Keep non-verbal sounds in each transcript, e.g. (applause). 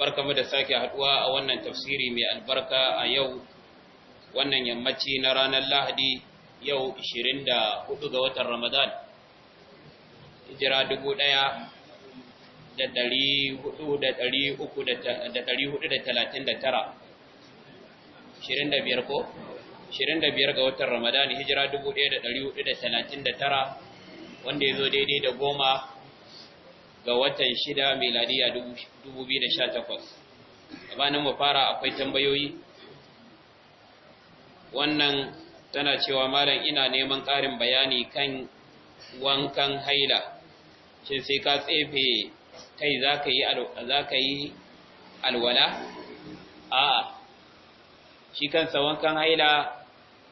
barkamu da sake haduwa a wannan tafsiri mai albarka a yau wannan yammaci na ranar Lahadi yau 24 ga watan Ramadan hijira 1439 25 ko 25 ga watan Ramadan hijira 1439 wanda ya zo daidai da goma ga watan shida miladiya 2018 gabanin mu fara akwai tambayoyi wannan tana cewa malam ina neman ƙarin bayani kan wankan haila shi sai ka tsefe kai za ka yi alwala a shi kansa wankan haila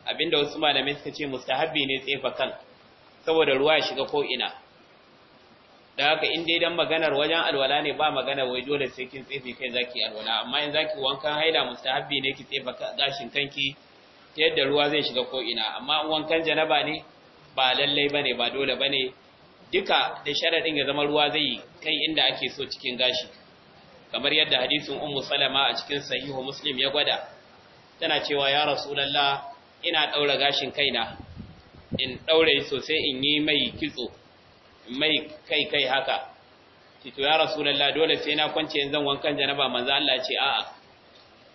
abinda wasu malamai suka ce mustahabbi ne tsefa kan saboda ruwa ya shiga ko ina da haka in dai dan maganar wajen alwala ne ba magana wai dole sai kin tsefe kai zaki alwala amma in zaki wankan haila mustahabbi ne ki tsefa gashin kanki ta yadda ruwa zai shiga ko ina amma wankan janaba ne ba lalle bane ba dole bane duka da sharadin ya zama ruwa zai kai inda ake so cikin gashi kamar yadda hadisin ummu salama a cikin sahihu muslim ya gwada tana cewa ya rasulullah ina daura gashin kaina in daure sosai in yi mai kitso mai kai kai haka ce to ya rasulullah dole sai na kwance yanzu wankan janaba manzo Allah ce a'a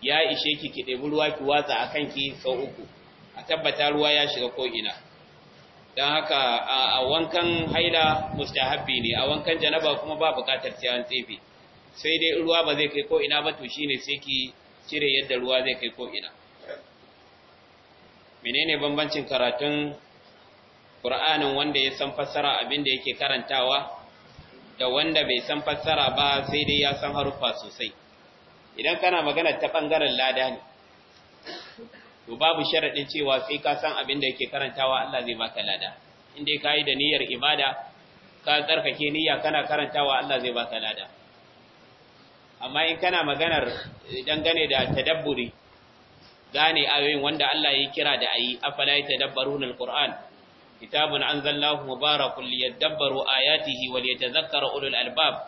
ya ishe ki ki ɗebi ruwa ki watsa akan ki sau uku a tabbata ruwa ya shiga ko ina dan haka a wankan haila mustahabbi ne a wankan janaba kuma ba bukatar sai an tsefe sai dai ruwa ba zai kai ko ina ba to shine sai ki cire yadda ruwa zai kai ko ina menene bambancin karatun kur'anin wanda ya san fassara abin da yake karantawa da wanda bai san fassara ba sai dai ya san harufa sosai idan kana magana ta bangaren lada to babu sharaɗin cewa sai ka san abin da yake karantawa Allah zai baka lada in dai kai da niyyar ibada ka tsarkake niyya kana karantawa Allah zai baka lada amma in kana maganar eh, dangane da tadabburi gane ayoyin wanda Allah ya kira da ayi afala yatadabbaruna alquran kitabun anzalnahu mubarakun liyadabbaru ayatihi wa liyatadhakkara ulul albab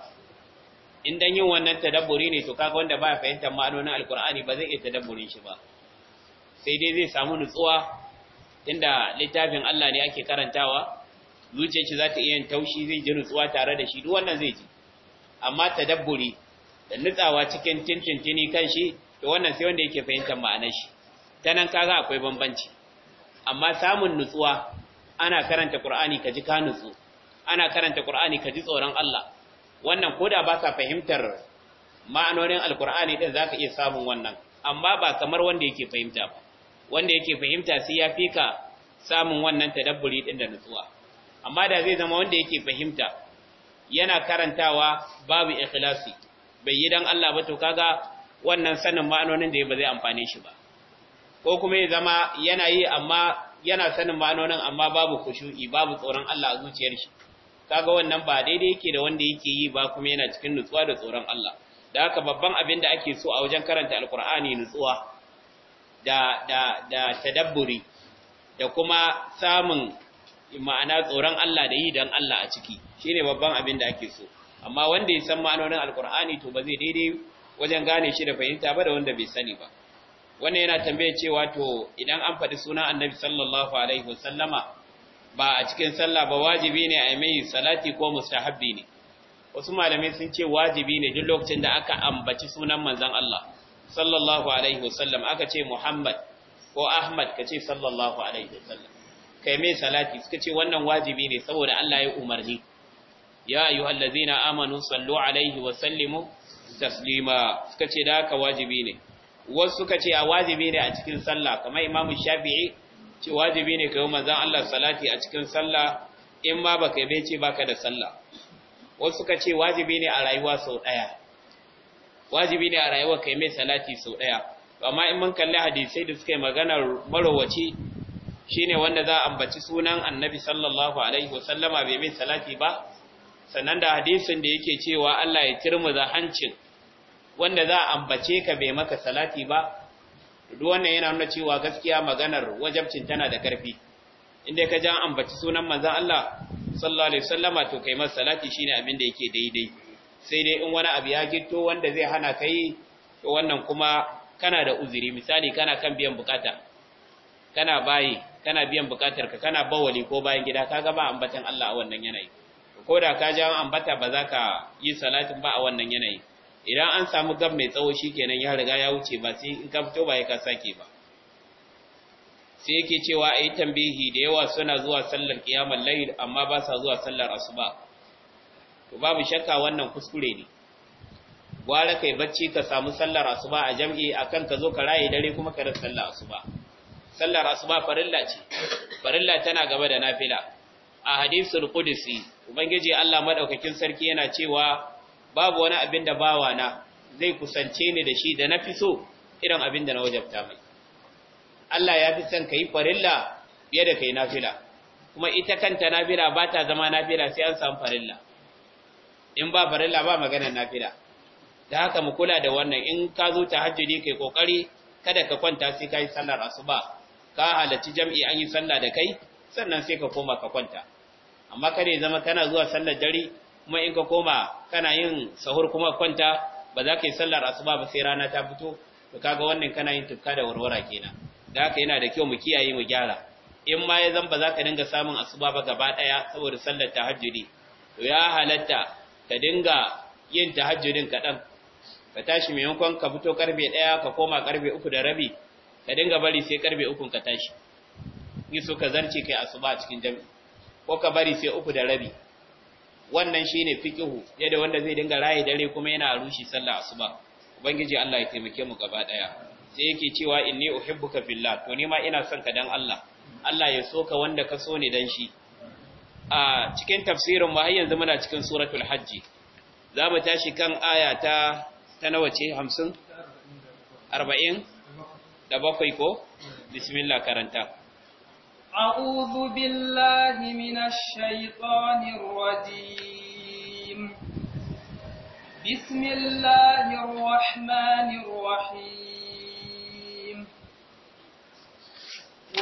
in dan yin wannan tadabburi ne to kaga wanda baya fahimtar ma'anonin alqur'ani ba zai iya tadabburin shi ba sai dai zai samu nutsuwa inda littafin Allah ne ake karantawa zuciyar shi za ta iya taushi zai ji nutsuwa tare da shi duk wannan zai ji amma tadabburi da nutsawa cikin tintintini kan shi to wannan sai wanda yake fahimtar ma'anar shi ta nan kaga akwai bambanci amma samun nutsuwa ana karanta Qur'ani ka ji ka nutsu ana karanta Qur'ani ka ji tsoron Allah wannan koda ba sa fahimtar ma'anonin alkur'ani din zaka iya samun wannan amma ba kamar wanda yake fahimta ba wanda yake fahimta sai ya fika samun wannan tadabburi ɗin da nutsuwa amma da zai zama wanda yake fahimta yana karantawa babu ikhlasi bai yi dan Allah ba to kaga wannan sanin ma'anonin da ba zai amfane shi ba ko kuma ya zama yana yi amma yana sanin ma'anonin amma babu kushu'i babu tsoron Allah a zuciyar shi kaga wannan ba daidai yake da wanda yake yi ba kuma yana cikin nutsuwa da tsoron Allah da haka babban abin da ake so a wajen karanta alkur'ani nutsuwa da da da tadabburi da kuma samun ma'ana tsoron Allah da yi dan Allah a ciki shine babban abin da ake so amma wanda ya san ma'anonin alkur'ani to ba zai daidai wajen gane shi da fahimta ba da wanda bai sani ba wannan yana tambaye cewa to idan an faɗi sunan annabi sallallahu alaihi wasallama ba a cikin sallah ba wajibi ne a yi mai salati ko mustahabbi ne wasu malamai sun ce wajibi ne duk lokacin da aka ambaci sunan manzon Allah sallallahu alaihi wasallam aka ce Muhammad ko Ahmad ka ce sallallahu alaihi wasallam kai mai salati suka ce wannan wajibi ne saboda Allah ya umarni ya ayyuhallazina amanu sallu alaihi wa sallimu taslima suka ce da haka wajibi ne wasu suka ce a wajibi ne a cikin sallah kamar imamu shafi'i ce wajibi ne ka yi manzan Allah salati a cikin sallah in ma baka yi ce baka da sallah wasu suka ce wajibi ne a rayuwa sau ɗaya wajibi ne a rayuwa ka yi mai salati sau ɗaya amma in mun kalli hadisai da suka yi maganar marowaci shine wanda za a ambaci sunan annabi sallallahu alaihi wasallama bai mai salati ba sannan da hadisin da yake cewa Allah ya tirmuza hancin wanda za a ambace ka bai maka salati ba duk wannan yana nuna cewa gaskiya maganar wajabcin tana da karfi inda ka ja ambaci sunan manzon Allah sallallahu alaihi wasallama to kai masa salati shine abin da yake daidai sai dai in wani abu ya gitto wanda zai hana kai to wannan kuma kana da uzuri misali kana kan biyan bukata kana bayi kana biyan bukatar ka kana bawali ko bayan gida kaga ba ambatan Allah a wannan yanayi ko da ka an ambata ba za ka yi salatin ba a wannan yanayi idan an samu gab mai tsawo shi kenan ya riga ya wuce ba sai in ka fito ba ya ka sake ba sai yake cewa ayi tambihi da yawa suna zuwa sallar qiyamul layl amma ba sa zuwa sallar asuba to babu shakka wannan kuskure ne gwara kai bacci ka samu sallar asuba a jam'i akan ka zo ka raye dare kuma ka rasa sallar asuba sallar asuba farilla ce farilla tana gaba da nafila a hadisul qudsi ubangiji Allah madaukakin sarki yana cewa babu wani abin da bawa na zai kusance ni da shi da na fi so irin abin da na wajabta mai Allah ya fi son ka yi farilla fiye da ka yi nafila kuma ita kanta nafila ba ta zama nafila sai an samu farilla in ba farilla ba maganar nafila da haka mu kula da wannan in ka zo ta ne kai kokari kada ka kwanta sai ka yi sallar asuba ka halarci jam'i an yi sallah da kai sannan sai ka koma ka kwanta amma kare zama kana zuwa sallar dare kuma in ka koma kana yin sahur kuma kwanta ba za ka yi sallar asuba ba sai rana ta fito to kaga wannan kana yin tufka da warwara kenan da haka yana da kyau mu kiyaye mu gyara in ma ya zan ba za ka dinga samun asuba ba gaba daya saboda sallar tahajjudi to ya halatta ka dinga yin tahajjudin kadan ka tashi mai yankon ka fito karfe daya ka koma karfe uku da rabi ka dinga bari sai karfe uku ka tashi ni so ka zarce kai asuba cikin jami'i ko ka bari sai uku da rabi wannan shine fiqhu yadda wanda zai dinga raye dare kuma yana rushi sallah asuba ubangiji Allah ya taimake mu gaba daya sai yake cewa inni uhibbuka fillah to ni ma ina son ka dan Allah Allah ya soka wanda ka so ne dan shi a cikin tafsirin mu har yanzu muna cikin suratul hajji mu tashi kan aya ta ta nawa ce 50 40 da bakwai ko bismillah karanta أعوذ بالله من الشيطان الرجيم بسم الله الرحمن الرحيم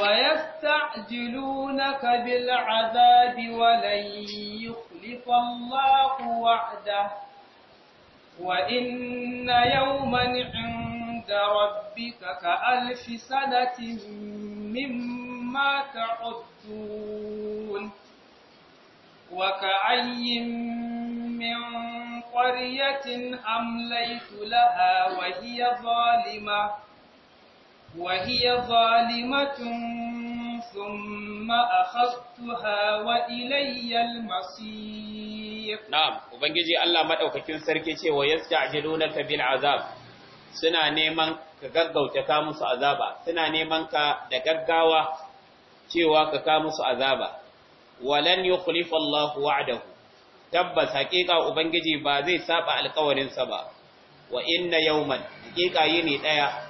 ويستعجلونك بالعذاب ولن يخلف الله وعده وإن يوما عند ربك كألف سنة مما ما تعدون وكأي من قرية أمليت لها وهي ظالمة وهي ظالمة ثم أخذتها وإلي المصير نعم وبنجي الله مدوكاكين سركي ويستعجلونك بالعذاب suna neman ka gaggauta ka musu azaba suna neman ka da gaggawa cewa ka ka musu azaba walan yukhlifa Allahu wa'dahu tabbas haƙiƙa ubangiji ba zai saba alƙawarin sa ba wa inna yawman haƙiƙa yini ɗaya?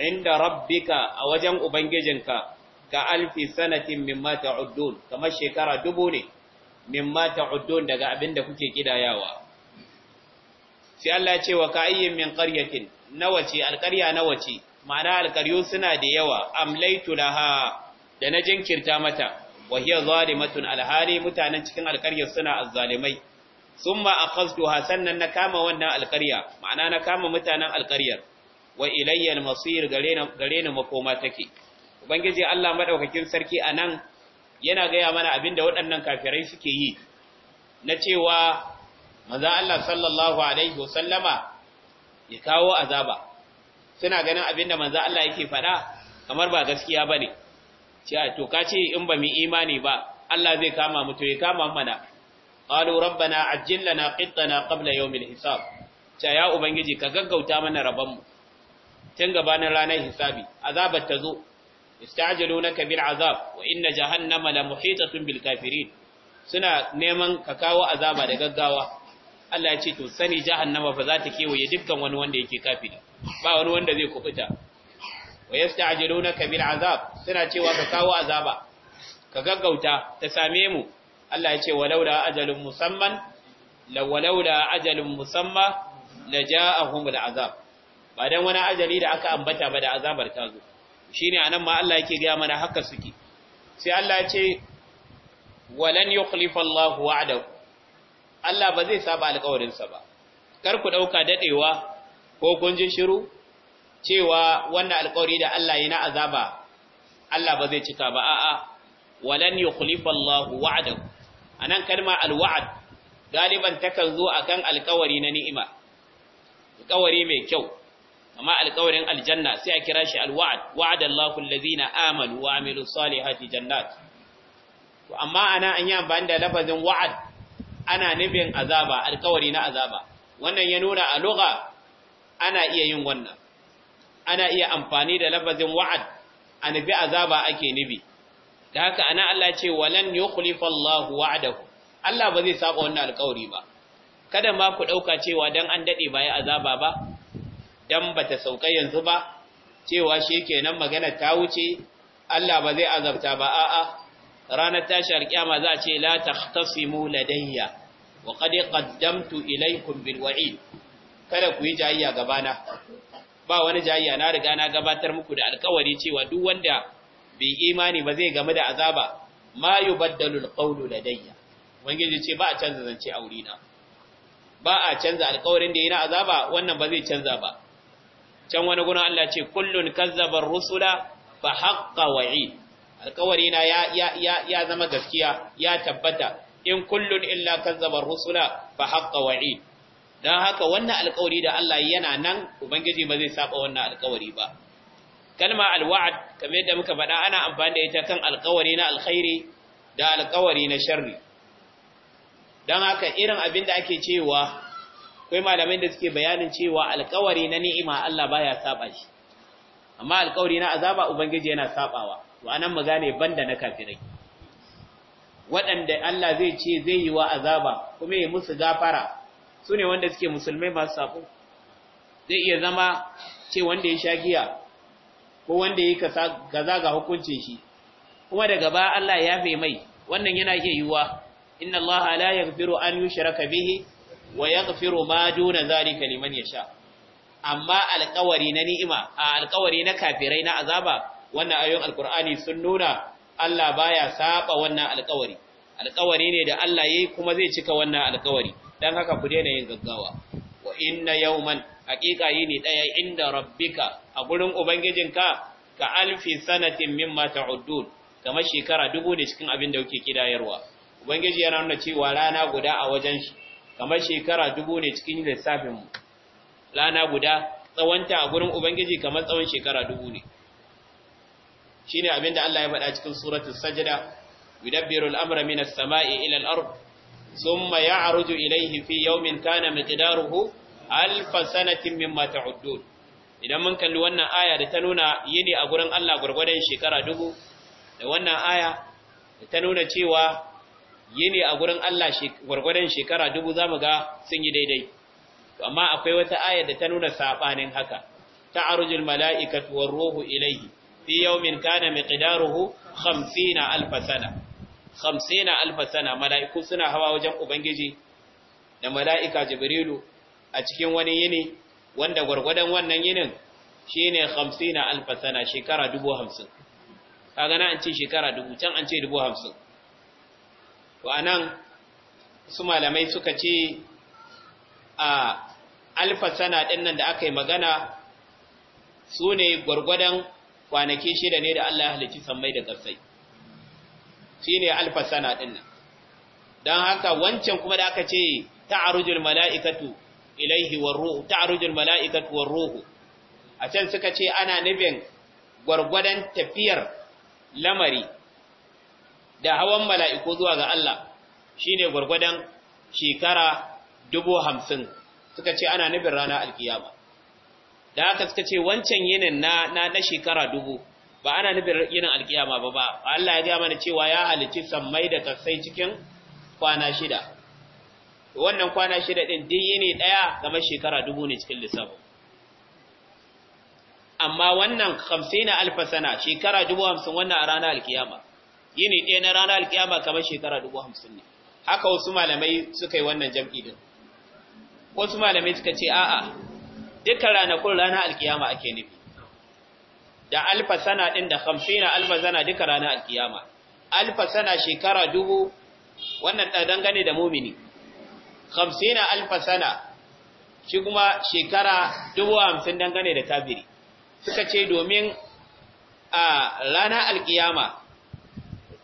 inda rabbika a wajen ubangijinka ka alfi sanatin mimma ta'uddun kamar shekara dubu ne mimma ta'uddun daga abin da kuke kidayawa sai Allah ya ce wa ka'ayyin min qaryatin nawace alƙarya wace, ma'ana alƙaryu suna da yawa amlaitu laha da na jinkirta mata wa hiya zalimatun alhali mutanen cikin alƙaryar suna azzalimai summa akhadtuha sannan na kama wannan alƙarya ma'ana na kama mutanen alƙaryar wa ilayya almasir gare ni makoma take ubangiji Allah madaukakin sarki anan yana gaya mana abinda waɗannan kafirai suke yi na cewa manzo Allah sallallahu alaihi wasallama ya kawo azaba suna ganin abinda manzo Allah yake faɗa kamar ba gaskiya bane ce to ka ce in ba mu imani ba Allah zai kama mu to ya kama mana qalu rabbana ajjil lana qittana qabla yawmil hisab ce ya ubangiji ka gaggauta mana raban mu tun gabanin ranar hisabi azabar ta zo na bil azab wa inna jahannama la muhitatun bil kafirin suna neman ka kawo azaba da gaggawa Allah ya ce to sani jahannama fa za ta kewaye dukkan wani wanda yake kafiri ba wani wanda zai kubuta wa na bil azab suna cewa ka kawo azaba ka gaggauta ta same mu Allah ya ce walaula ajalun musamman la walaula ajalun musamma la ja'ahum azab ba dan wani ajali da aka ambata ba da azabar ta zo shine anan ma Allah yake ga mana haka suke sai Allah ya ce walan yukhlifa Allah wa'dahu Allah ba zai saba alƙawarin sa ba kar ku dauka dadewa ko kun ji shiru cewa wannan alƙawari da Allah yana azaba Allah ba zai cika ba a'a walan yukhlifa Allah wa'dahu anan kalma alwa'd galiban takan zo akan alƙawari na ni'ima alƙawari mai kyau amma alƙawarin aljanna sai a kira shi alwa'd wa'ada Allahu allazina amanu wa amilus salihati jannat to amma ana an yi amfani da lafazin wa'ad ana nufin azaba alƙawari na azaba wannan ya nuna a lugha ana iya yin wannan ana iya amfani da lafazin wa'ad a nufi azaba ake nufi da haka ana Allah ce walan yukhlifa Allah wa'adahu Allah ba zai saba wannan alƙawari ba kada ma ku dauka cewa dan an dade ya azaba ba dan bata sauka yanzu ba cewa shikenan magana ta wuce Allah ba zai azabta ba a'a ranar tashi alƙiyama za a ce la takhtasimu ladayya wa qad qaddamtu ilaykum bil wa'id kada ku yi jayayya gabana ba wani jayya na riga na gabatar muku da alkawari cewa duk wanda bai imani ba zai game da azaba ma yubaddalu alqawlu ladayya ubangiji ce ba a canza zance a na ba a canza alkawarin da yana azaba wannan ba zai canza ba can wani gunan Allah ce kullun kazzaba rusula fa haqqa wa'id alkawari na ya ya ya zama gaskiya ya tabbata in kullun illa kazzaba rusula fa haqqa wa'id don haka wannan alkawari da Allah yana nan ubangiji ba zai saba wannan alkawari ba kalma alwa'ad kamar yadda muka faɗa ana amfani da ita kan alkawari na alkhairi da alkawari na sharri don haka irin abin da ake cewa akwai malamai da suke bayanin cewa alkawari na ni'ima Allah baya saba shi amma alkawari na azaba ubangiji yana sabawa to anan mu gane banda na kafirai waɗanda Allah zai ce zai yi wa azaba kuma ya musu gafara su ne wanda suke musulmai masu sabo zai iya zama ce wanda ya sha giya ko wanda ya gaza ga hukuncin shi kuma daga ba Allah ya fi mai wannan yana iya yiwuwa inna Allah la yaghfiru an yushraka bihi wa yaghfiru ma duna zalika liman sha. amma alƙawari na ni'ima a alƙawari na kafirai na azaba wannan ayoyin Alƙur'ani sun nuna Allah baya saba wannan alƙawari alƙawari ne da Allah yayi kuma zai cika wannan alƙawari dan haka ku daina yin gaggawa wa inna yawman haqiqa yini daya inda rabbika a gurin ubangijinka ka alfi sanatin mimma ta'uddun kama shekara dubu ne cikin abin da kuke kidayarwa ubangiji yana nuna cewa rana guda a wajen shi kama shekara dubu ne cikin lissafin mu rana guda tsawanta a gurin ubangiji kama tsawon shekara dubu ne shine abin da Allah ya faɗa cikin suratul sajda yudabbiru al-amra as sama'i ila al-ard ثم يعرج إليه في يوم كان مقداره ألف سنة مما تعدون idan mun kalli wannan aya da ta nuna yini a gurin Allah gurgurdan shekara dubu da wannan aya da ta nuna cewa yini a gurin Allah gwargwadon shekara dubu zamu ga sun yi daidai amma akwai wata aya da ta nuna saɓanin haka ta mala'ikatu war ruhu ilayhi fi yawmin kana miqdaruhu 50 alf khamsina alfa sana mala'iku suna hawa wajen ubangiji da mala'ika jibrilu a cikin wani yini wanda gurgurdan wannan yinin shine khamsina alfa sana shekara dubu hamsin kaga na an ce shekara dubu can an ce dubu hamsin to anan su malamai suka ce a alfa sana ɗin nan da aka yi magana sune gurgurdan kwanaki shida ne da Allah ya halicci sammai da ƙasai Shi ne alfasana ɗin nan dan haka wancan kuma da aka ce ta'arujul mala'ikatu ilaihi wa ruhu ta'arujul mala'ikatu wa ruhu a can suka ce ana nufin gwargwadon tafiyar lamari da hawan mala'iku zuwa ga Allah shine gwargwadon shekara dubu hamsin suka ce ana nufin rana alkiyama da haka suka ce wancan yinin na na shekara dubu ba ana nufin yin alkiyama ba ba Allah ya ga mana cewa ya halici sammai da kasai cikin kwana shida wannan kwana shida din din yini daya kamar shekara dubu ne cikin lissafin amma wannan 50 alf sana shekara dubu 50 wannan a ranar alkiyama yini ɗaya na ranar alkiyama kamar shekara dubu 50 ne haka wasu malamai suka yi wannan jam'i din wasu malamai suka ce a'a dukkan ranakun ranar alkiyama ake nufi da alfa sana din da 50 alfa sana duka ranar alkiyama alfa sana shekara dubu wannan da dangane da mumini 50 alfa sana shi kuma shekara dubu 50 dangane da kafiri suka ce domin a ranar alkiyama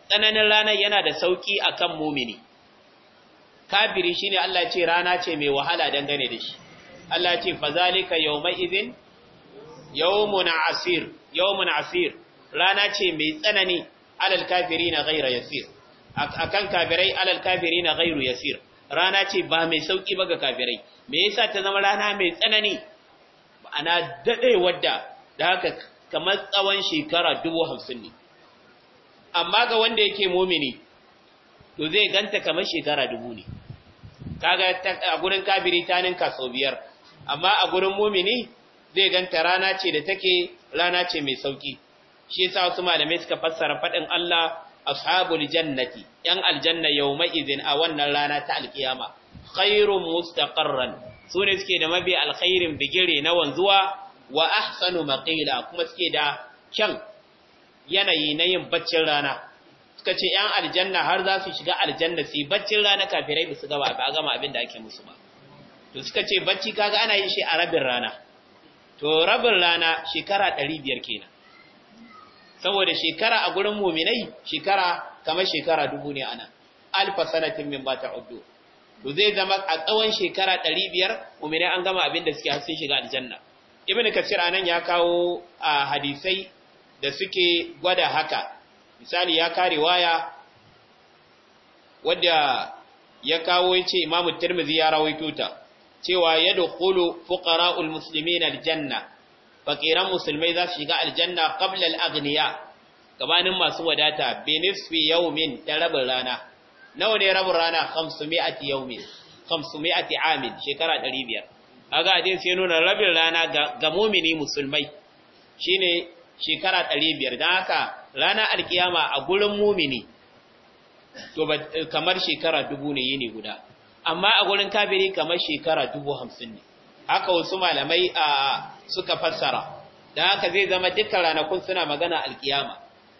tsananin ranar yana da sauki akan mumini kafiri shine Allah ce rana ce mai wahala dangane da shi Allah ce fazalika yawma idhin yawmun asir yawmun asir rana ce mai tsanani alal na ghayra yasir kan kafirai alal na ghayru yasir rana ce ba mai sauki ba ga kafirai me yasa ta zama rana mai tsanani ana daɗe wadda da haka kamar tsawon shekara hamsin ne amma ga wanda yake mumini to zai ganta kamar shekara dubu ne kaga a gurin kafiri ta ninka sau biyar amma a gurin mumini zai ganta rana ce da take rana ce mai sauki shi yasa wasu malamai suka fassara fadin Allah ashabul jannati yan aljanna yawma idin a wannan rana ta alkiyama khairun mustaqarran sune suke da mabi alkhairin bigire na wanzuwa wa ahsanu maqila kuma suke da kyan yanayi na yin baccin rana suka ce yan aljanna har za su shiga aljanna su baccin rana kafirai ba su gaba ba gama abin da ake musu ba to suka ce bacci kaga ana yin shi a rabin rana to rabin rana shekara ɗari biyar kenan saboda shekara a gurin muminai shekara kamar shekara dubu ne ana alfa sanatin min ba ta uddu to zai zama a tsawon shekara ɗari biyar muminai an gama abin da suke har sun shiga aljanna ibn kasir anan ya kawo a hadisai da suke gwada haka misali ya kare waya wadda ya kawo ya ce imamu tirmidhi ya rawaito ta cewa ya dukulu fuqara'ul muslimin aljanna fakiran musulmai za su shiga aljanna qabla al-aghniya gabanin masu wadata bi nisfi yawmin da rabin rana nawa ne rabin rana 500 yawmin 500 amin shekara 500 a hadin sai nuna rabin rana ga mu'mini musulmai shine shekara 500 dan haka rana alkiyama a gurin mu'mini to kamar shekara dubu ne yini guda amma a gurin kafiri kamar shekara dubu hamsin ne haka wasu malamai a suka fassara da haka zai zama dukkan ranakun suna magana alkiyama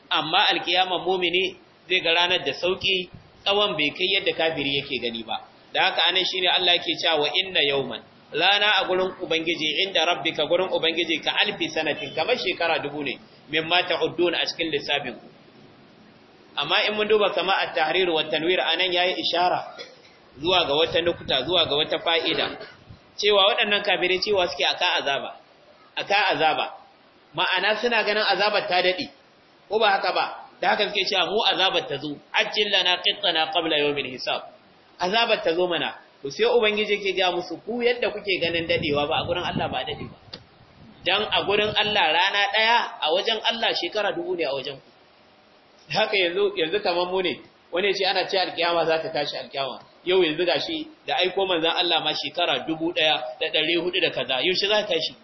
amma alkiyama mumini zai ga ranar da sauki tsawon bai kai yadda kafiri yake gani ba da haka anan shine Allah yake cewa inna yawman lana a gurin ubangiji inda rabbika gurin ubangiji ka alfi sanatin kamar shekara dubu ne mimma ta'udduna a cikin lissafin amma in mun duba kama at-tahrir wa tanwir anan yayi ishara zuwa ga wata nukuta zuwa ga wata fa'ida cewa waɗannan kafirai cewa suke a azaba ka azaba ma'ana suna ganin azabar ta daɗe. ko ba haka ba da haka suke cewa mu azabar ta zo ajjil lana ƙabla yau min hisab azabar ta zo mana ku sai ubangiji ke ga musu ku yadda kuke ganin daɗewa ba a gurin Allah ba daɗe ba dan a gurin Allah rana daya a wajen Allah shekara dubu ne a wajen ku haka yanzu yanzu kaman mu ne wani ce ana ce alkiyama za ta tashi alkiyama yau yanzu shi da aiko manzan Allah ma shekara dubu ɗaya da ɗari da kaza yau shi za ta shi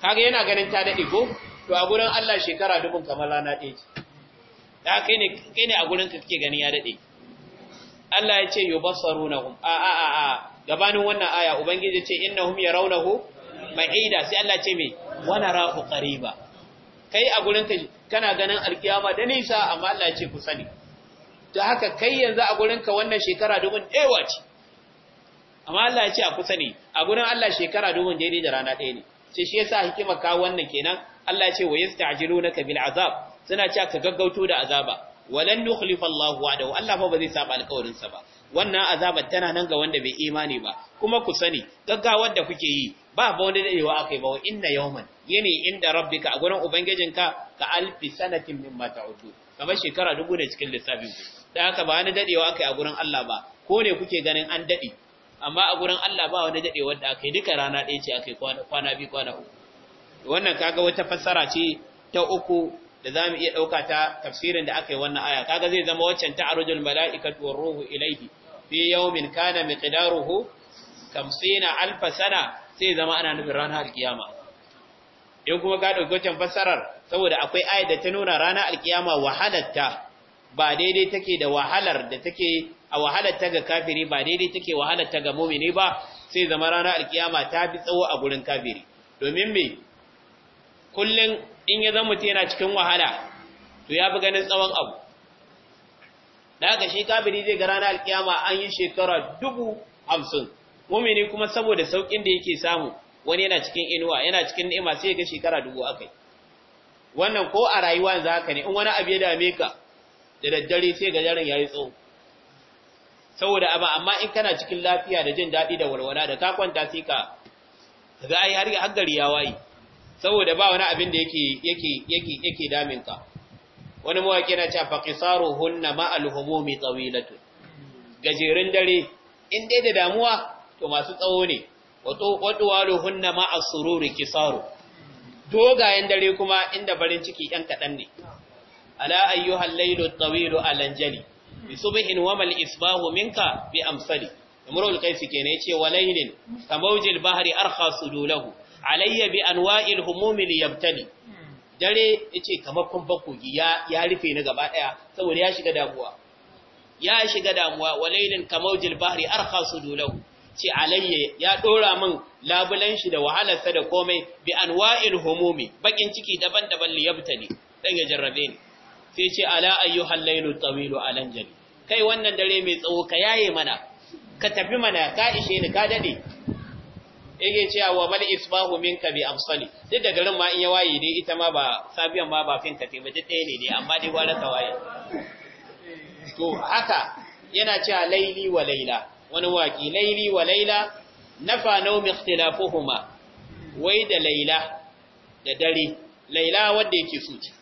kaga yana ganin ta daɗe, ko to a gurin Allah shekara dubun kamar rana ɗaya ce da kai ne kai ne a gurin ka kake gani ya daɗe? Allah ya ce yubassarunahum a a a a gabanin wannan aya ubangiji ce innahum yarawnahu ma'ida sai Allah ce me wani narahu qariba kai a gurin ka kana ganin alkiyama da nisa amma Allah ya ce ku sani da haka kai yanzu a gurinka wannan shekara domin ɗewa ce amma Allah ya ce a kusa ne a gurin Allah shekara domin daidai da rana ɗaya ne sai shi yasa hikima ka wannan kenan Allah ya ce wa na bil azab suna cewa ka gaggauto da azaba walan nukhlifa Allah wa'dahu Allah fa ba zai saba alƙawarin sa ba wannan azabar tana nan ga wanda bai imani ba kuma ku sani gaggawar da kuke yi ba ba wani dadewa akai ba wa inna yawman yini inda rabbika a gurin ubangijinka ka alfi sanatin mimma ta'udu kamar shekara dubu da cikin lissafin ku da haka ba wani dadewa kai a gurin Allah ba ko ne kuke ganin an dade amma a gurin Allah ba wani dadewa da akai duka rana ɗaya ce akai kwana kwana bi kwana uku wannan kaga wata fassara ce ta uku da zamu iya dauka ta tafsirin da yi wannan aya kaga zai zama waccan ta arujul malaikatu war ruhu ilaihi, fi yawmin kana miqdaruhu 50 alf sana sai zama ana nufin ranar alkiyama in kuma ga dauki waccan fassarar saboda akwai ayat da ta nuna ranar alkiyama wahalatta. ba daidai take da wahalar da take a wahalar ta ga kafiri ba daidai take wahalar ta ga mumini ba sai zama ranar alkiyama ta fi tsawo a gurin kafiri domin me kullun in ya zama tana cikin wahala to ya fi ganin tsawon abu da haka shi kafiri zai ga ranar alkiyama an yi shekara dubu hamsin mumini kuma saboda saukin da yake samu wani yana cikin inuwa yana cikin ni'ima sai ya ga shekara dubu akai wannan ko a rayuwa yanzu haka ne in wani abu ya dame ka da daddare sai ga yaron yayi tsawo saboda aba amma in kana cikin lafiya da jin daɗi da walwala da ka kwanta sai ka ga ai har gari ya wayi saboda ba wani abin da yake yake yake yake damin ka wani mawaki yana cewa hunna ma alhumumi tawilatu gajerin dare in dai da damuwa to masu tsawo ne wato hunna ma asururi kisaru dogayen dare kuma inda barin ciki yan kadan ne ala أيها الليل الطويل tawil alanjali bi wamal isbahu minka bi amsali imrul qais kenan yace walaylin kamawjil bahri arkha sudulahu humumi dare yace kamar kun bakogi ya ya rufe ni gaba daya saboda ya shiga damuwa ya shiga damuwa walaylin kamawjil bahri arkha sudulahu ce alayya ya dora min labulan shi da wahalarsa da komai bi anwa'il humumi bakin ciki daban-daban liyabtali dan ya jarrabe ni sai ce ala ayyuhal lailu tawilu alan jali kai wannan dare mai tsawo ka yaye mana ka tafi mana ka ishe ni ka dade yake cewa wa bal isbahu minka bi afsali duk da garin ma in ya waye dai ita ma ba safiyan ma ba fin ta ba duk ɗaya ne dai amma dai gwara ka waye to haka yana cewa laili wa laila wani waki laili wa laila nafa mi ikhtilafuhuma wai da laila da dare laila wanda yake suci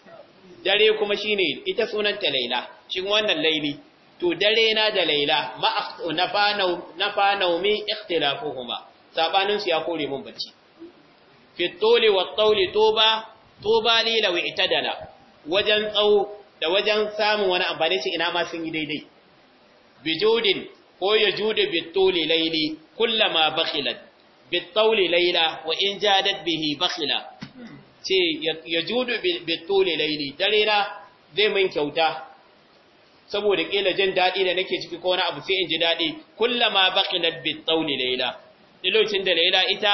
dare kuma shine ita sunanta laila shin wannan laili to dare na da laila ma na fa naumi ikhtilafuhuma sabanin su ya kore mun bacci fi tuli wa tawli tuba tuba li law itadala wajen tsawo da wajen samun wani amfani shi ina ma sun yi daidai bijudin ko jude bi tuli laili kullama bakhilat bi tawli laila wa in jadat bihi bakhila ce ya judu betole laili dare na zai min kyauta saboda kila jin daɗi da nake ciki ko wani abu sai in ji daɗi kullama baqinat betole laila lokacin da laila ita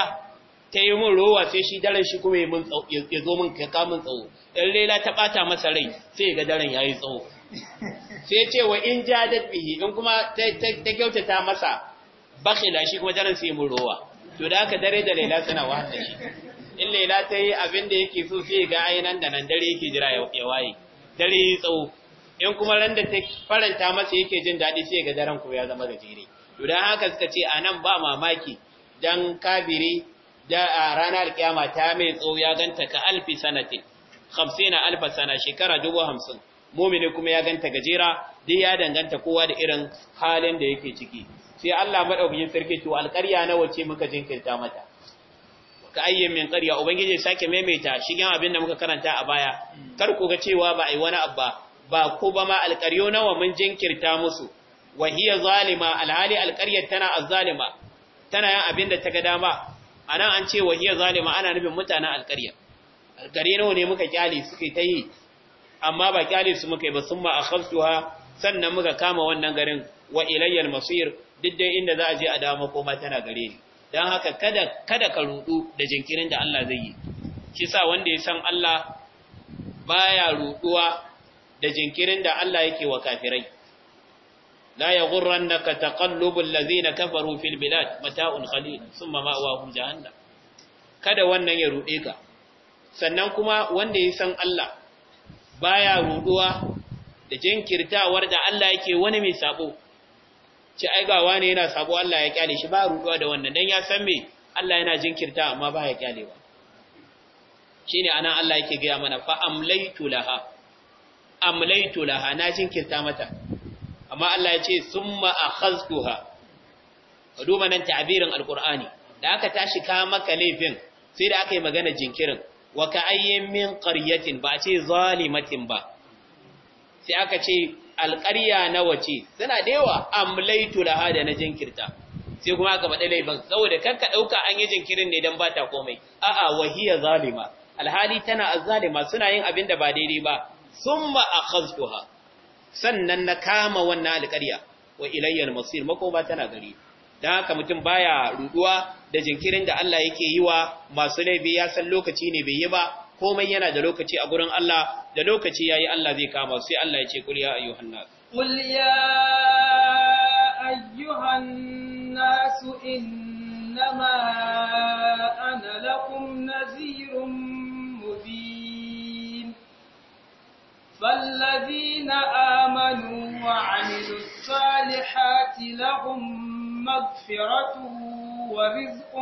ta yi min rowa sai shi daren shi kuma ya zo min ka kamun tsawo Ɗan laila ta bata masa rai sai ga daren yayi tsawo (laughs) sai ce wa in ja bihi in kuma ta kyautata masa bakila shi kuma daren sai mun rowa to da haka dare da laila suna wahala shi in laila ta yi abin da yake so sai ga ainihin da nan dare yake jira ya waye dare yi tsawo in kuma ran da ta faranta masa yake jin daɗi sai ga daren kuma ya zama gajere to dan haka suka ce a nan ba mamaki dan kabiri da rana ranar kiyama ta mai tsawo ya ganta ka alfi sanati hamsina alfa sana shekara dubu hamsin mumini kuma ya ganta gajera duk ya danganta kowa da irin halin da yake ciki sai Allah madaukakin sarki to alƙarya nawa ce muka jinkirta mata ka ayyin min qarya ubangiji sake maimaita shigen abin da muka karanta a baya kar ku ga cewa ba yi wani abba ba ko ba ma alqaryo nawa mun jinkirta musu wa hiya zalima alhali alqaryat tana azzalima tana yin abin da ta ga dama anan an ce wa hiya zalima ana nufin mutanen alqarya alqaryo nawa ne muka kyale suka ta yi amma ba kyale su muka yi ba a akhaftuha sannan muka kama wannan garin wa ilayyal masir duk dai inda za a je a dama koma tana gare ni don haka kada kada ka rudu da jinkirin da Allah zai yi shi sa wanda ya san Allah baya ruduwa da jinkirin da Allah yake wa kafirai la yaghurrannaka taqallubul ladzina kafaru fil bilad mata'un qalil thumma ma'wahum jahannam kada wannan ya rude ka sannan kuma wanda ya san Allah baya ruduwa da jinkirtawar da Allah yake wani mai sabo ce ai ga wane yana sabo Allah ya kyale shi ba ruɗuwa da wannan dan ya san me Allah yana jinkirta amma ba ya ba. shine anan Allah yake gaya mana fa amlaitu laha amlaitu laha na jinkirta mata amma Allah ya ce summa akhaztuha ka duba nan ta'birin alqur'ani da aka tashi ka maka laifin sai da aka yi magana jinkirin wa ka ayyin min qaryatin ba a ce zalimatin ba sai aka ce alƙarya na wace suna yawa amlaitu laha da na jinkirta sai kuma aka faɗi laifin saboda kanka ɗauka an yi jinkirin ne don ba ta komai a'a wahiya zalima alhali tana azzalima suna yin abin da ba daidai ba summa akhaztuha sannan na kama wannan alƙarya wa ilayyal masir makoma tana gari dan haka mutum baya ruduwa da jinkirin da Allah yake yi wa masu laifi ya san lokaci ne bai yi ba komai yana da lokaci a gurin Allah da lokaci yayi Allah zai kama sai Allah ya ce kul ya ayyuhan nas kul ya ayyuhan nas innama ana lakum nazirun mubin فالذين آمنوا وعملوا الصالحات لهم wa ورزق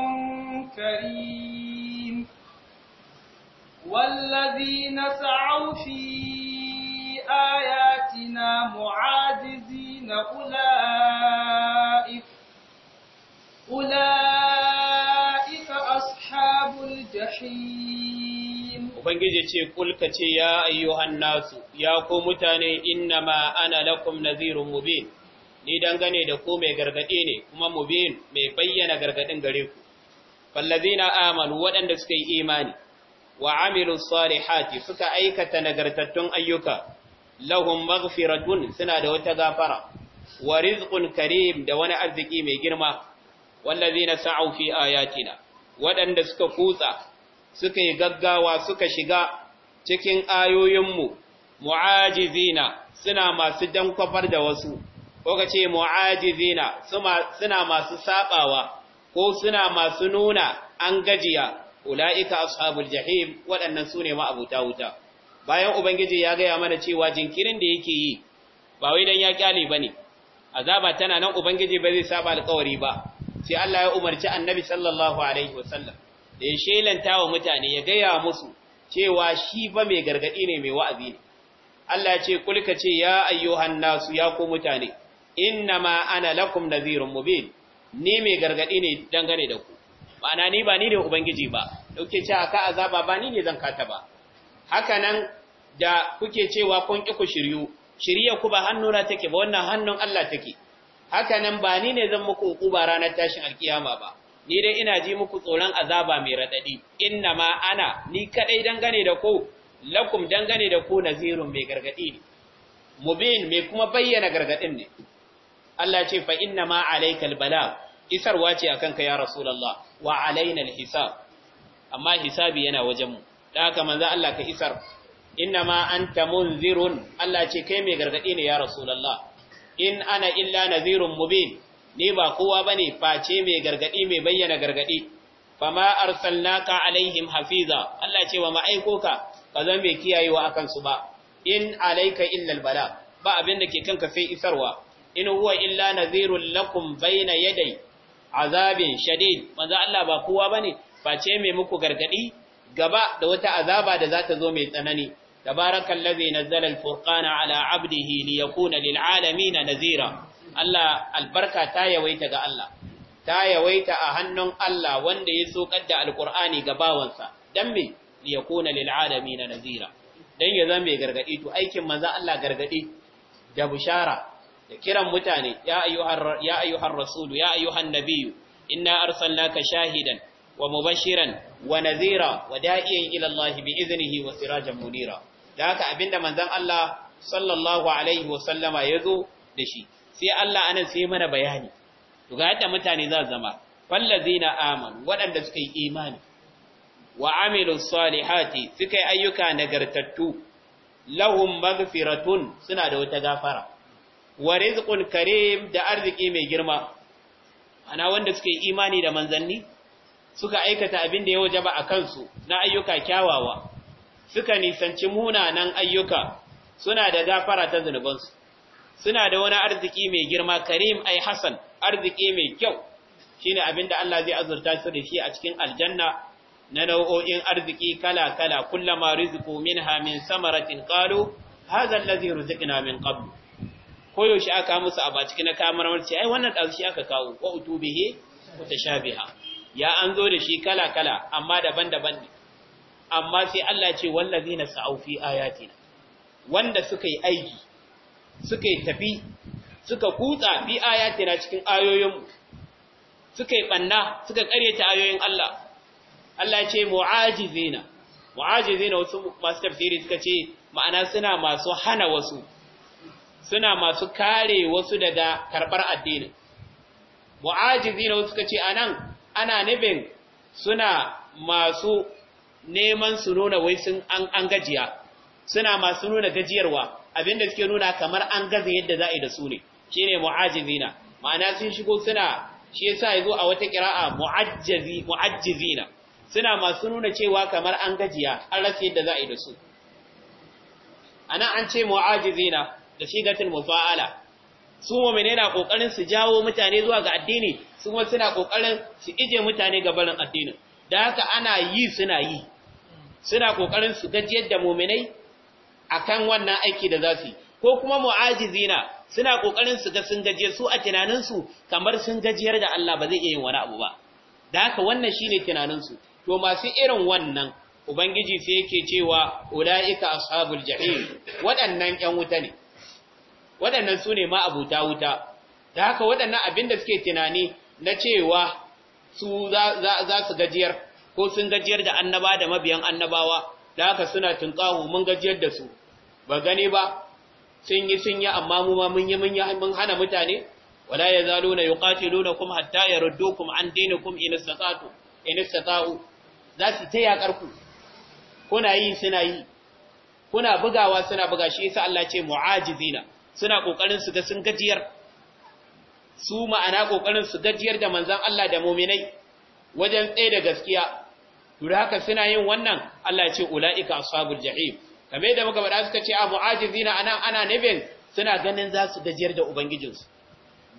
Karim. والذين سعوا في آياتنا معاجزين أولئك أولئك أصحاب الجحيم Ubangiji ce, Kulka ce, Ya ayyuhan nasu, ya ko mutane, innama ana lakum nazirun mubin, ni dangane da ko mai gargaɗe ne, kuma mubin mai bayyana gargaɗin gare ku. Fallazina amanu waɗanda suka yi imani, wa amilu salihati suka aikata nagartattun ayyuka lahum maghfiratun suna da wata gafara wa rizqun karim da wani arziki mai girma wallazina sa'u fi ayatina waɗanda suka kutsa suka yi gaggawa suka shiga cikin ayoyinmu mu'ajizina suna masu dankwafar da wasu ko ka ce mu'ajizina suna masu sabawa ko suna masu nuna an gajiya ula'ika ashabul jahim waɗannan sune ma abuta wuta bayan ubangiji ya gaya mana cewa jinkirin da yake yi ba wai dan ya kyale bane azaba tana nan ubangiji ba zai saba alƙawari ba sai Allah ya umarci annabi sallallahu alaihi wasallam da ya shelanta wa mutane ya gaya musu cewa shi ba mai gargadi ne mai wa'azi ne Allah ce kulka ce ya ayyuhan nasu ya ku mutane innama ana lakum nadhirun mubin ni mai gargadi ne dangane da ku ma'ana ni ba ni ne ubangiji ba dauke ce aka azaba ba ni ne zan kata ba haka nan da kuke cewa kun ki ku shiryu shirya ku ba hannuna take ba wannan hannun Allah take haka nan ba ni ne zan muku ba ranar tashin alkiyama ba ni dai ina ji muku tsoron azaba mai radadi inna ma ana ni kadai dangane da ku lakum dangane da ku nazirun mai gargadi ne mubin mai kuma bayyana gargadin ne Allah ce fa inna ma alaikal bala isarwa ce akan ka ya rasulullah wa alaina alhisab amma hisabi yana wajenmu da haka manzo Allah ka isar innama anta munzirun Allah ce kai mai gargadi ne ya rasulullah in ana illa nazirun mubin ni ba kowa bane face mai gargadi mai bayyana gargadi fama arsalnaka alaihim hafiza Allah ce wa ma'aikoka ka zan bai kiyayewa akan su ba in alayka illa albala ba abin da ke kanka sai isarwa in huwa illa nazirun lakum bayna yaday azabin shadid manzo Allah ba kowa bane face mai muku gargadi gaba da wata azaba da za ta zo mai tsanani tabarakallazi nazzala alfurqana ala abdihi liyakuna lilalamin nazira Allah albarka ta yawaita ga Allah ta yawaita a hannun Allah wanda ya sokar da alqur'ani ga bawansa dan me liyakuna lilalamin nazira dan ya zama mai gargadi to aikin manzo Allah gargadi da bushara da kiran mutane ya ayyuhar rasulu ya ayyuhan nabiyyu inna arsalnaka shahidan wa mubashiran wa nazira wa da'iyan ila Allah bi idnihi wa sirajan munira da haka abinda manzon Allah sallallahu alaihi wa sallama yazo da shi sai Allah anan sai mana bayani to ga yadda mutane za zama wallazina amanu waɗanda suka yi imani wa amilu salihati suka yi ayyuka nagartattu lahum maghfiratun suna da wata gafara wa rizqun karim da arziki mai girma ana wanda suke yi imani da manzanni suka aikata abin da ya wajaba a kansu na ayyuka kyawawa suka nisanci munanan ayyuka suna da gafara ta zunubansu suna da wani arziki mai girma karim ai hasan arziki mai kyau shine abin da Allah zai azurta su da shi a cikin aljanna na nau'o'in arziki kala-kala kullama rizqu minha min samaratin qalu hadha allazi ruziqna min qabl ko yaushe aka musu a cikin na kamar marmari ai wannan dan shi aka kawo ko utubihi tashabiha ya an zo da shi kala kala amma daban-daban ne amma sai Allah ce wallazina sa'u fi ayatina wanda suka yi aiki suka yi tafi suka kutsa fi ayatina cikin ayoyin suka yi banna suka karyata ayoyin Allah Allah ce mu'ajizina mu'ajizina wasu masu tafsiri suka ce ma'ana suna masu hana wasu suna masu kare wasu daga karɓar addinin mu'ajizina wasu suka ce anan ana nabin suna masu neman su nuna wai sun an gajiya suna masu nuna gajiyarwa abinda suke nuna kamar an gaza yadda za a yi da su ne shine mu'ajizina ma'ana sun shigo suna shi yasa yazo a wata qira'a mu'ajjizi mu'ajjizina suna masu nuna cewa kamar an gajiya an rasa yadda za a yi da su anan an ce mu'ajizina da shigatul mufa'ala su mu'mine na kokarin su jawo mutane zuwa ga addini su kuma suna kokarin su ije mutane ga barin addinin da haka ana yi suna yi suna kokarin su gajiyar da mu'minai akan wannan aiki da zasu ko kuma mu'ajizina suna kokarin su ga sun gaje su a tunanin su kamar sun gajiyar da Allah ba zai iya yin wani abu ba da haka wannan shine tunanin su to masu irin wannan ubangiji sai yake cewa ulaika ashabul jahim waɗannan ƴan wuta ne waɗannan su ne ma wuta da haka waɗannan abin da suke tunani na cewa su za su gajiyar ko sun gajiyar da annaba da mabiyan annabawa da haka suna tunƙahu mun gajiyar da su ba gane ba sun yi sun yi amma mu ma mun yi mun yi hana mutane wala lona kuma hatta kuma an daina in istata'u in za su ta ya ku kuna yi suna yi kuna bugawa suna buga shi yasa Allah ce mu'ajizina suna kokarin su ga sun gajiyar su ma'ana kokarin su gajiyar da manzon Allah da mu'minai wajen tsaye da gaskiya to haka suna yin wannan Allah ya ce ulaiika ashabul jahim kame da muka faɗa suka ce a mu'ajizina anan ana nabin suna ganin za su gajiyar da ubangijinsu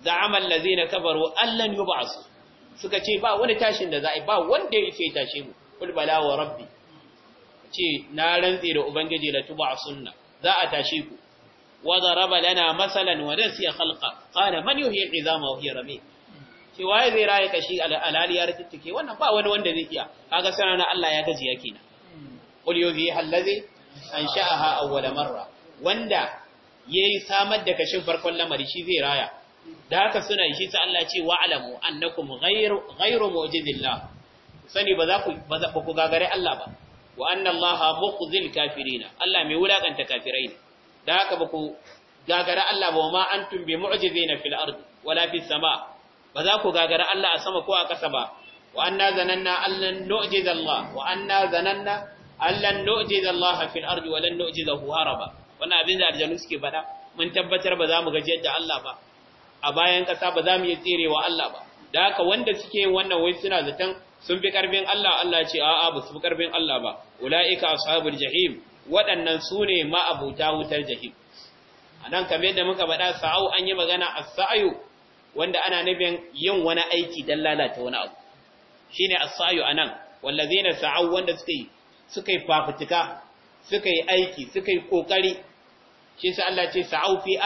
amal allazina kafaru allan yub'as suka ce ba wani tashin da za'i ba wanda ya ce tashe mu kul bala wa rabbi ce na rantsi da ubangiji la sunna za a tashe ku wa daraba lana masalan wa nasiya khalqa qala man yuhyi al-izama wa hiya waye zai raye kashi alhali ya rikittike wannan ba wani wanda zai iya kaga sanar na Allah ya gaji yake na qul yuhi allazi ansha'aha awwala marra wanda yayi samar da kashin farkon lamari shi zai raya da haka suna shi ta Allah ce wa alamu annakum ghayru ghayru mu'jizillah sani ba za ku ba ku gagare Allah ba wa anna Allah muqzil kafirina Allah mai wulakanta kafirai ne da aka baku gagara Allah ba ma antum bi mu'jizina fil ardi wala fis sama ba za ku gagara Allah a sama ko a ƙasa ba wa anna zananna allan nu'jiz Allah wa anna zananna allan nu'jiz Allah fil ardi wa lan nu'jizahu haraba wannan abin da aljanu suke faɗa mun tabbatar ba za mu gajiyar da Allah ba a bayan ƙasa ba za mu iya tserewa Allah ba da haka wanda suke wannan wai suna zaton sun fi ƙarfin Allah Allah ce a'a ba su fi ƙarfin Allah ba ulaika ashabul jahim waɗannan su ne ma'abuta wutar jahim a nan kamar yadda muka baɗa sa'au an yi magana a sa'ayu wanda ana nufin yin wani aiki don lalata wani abu shi ne a sa'ayu a nan zai na sa'au wanda suka yi yi fafutuka suka yi aiki suka yi ƙoƙari shi sa Allah ce sa'au fi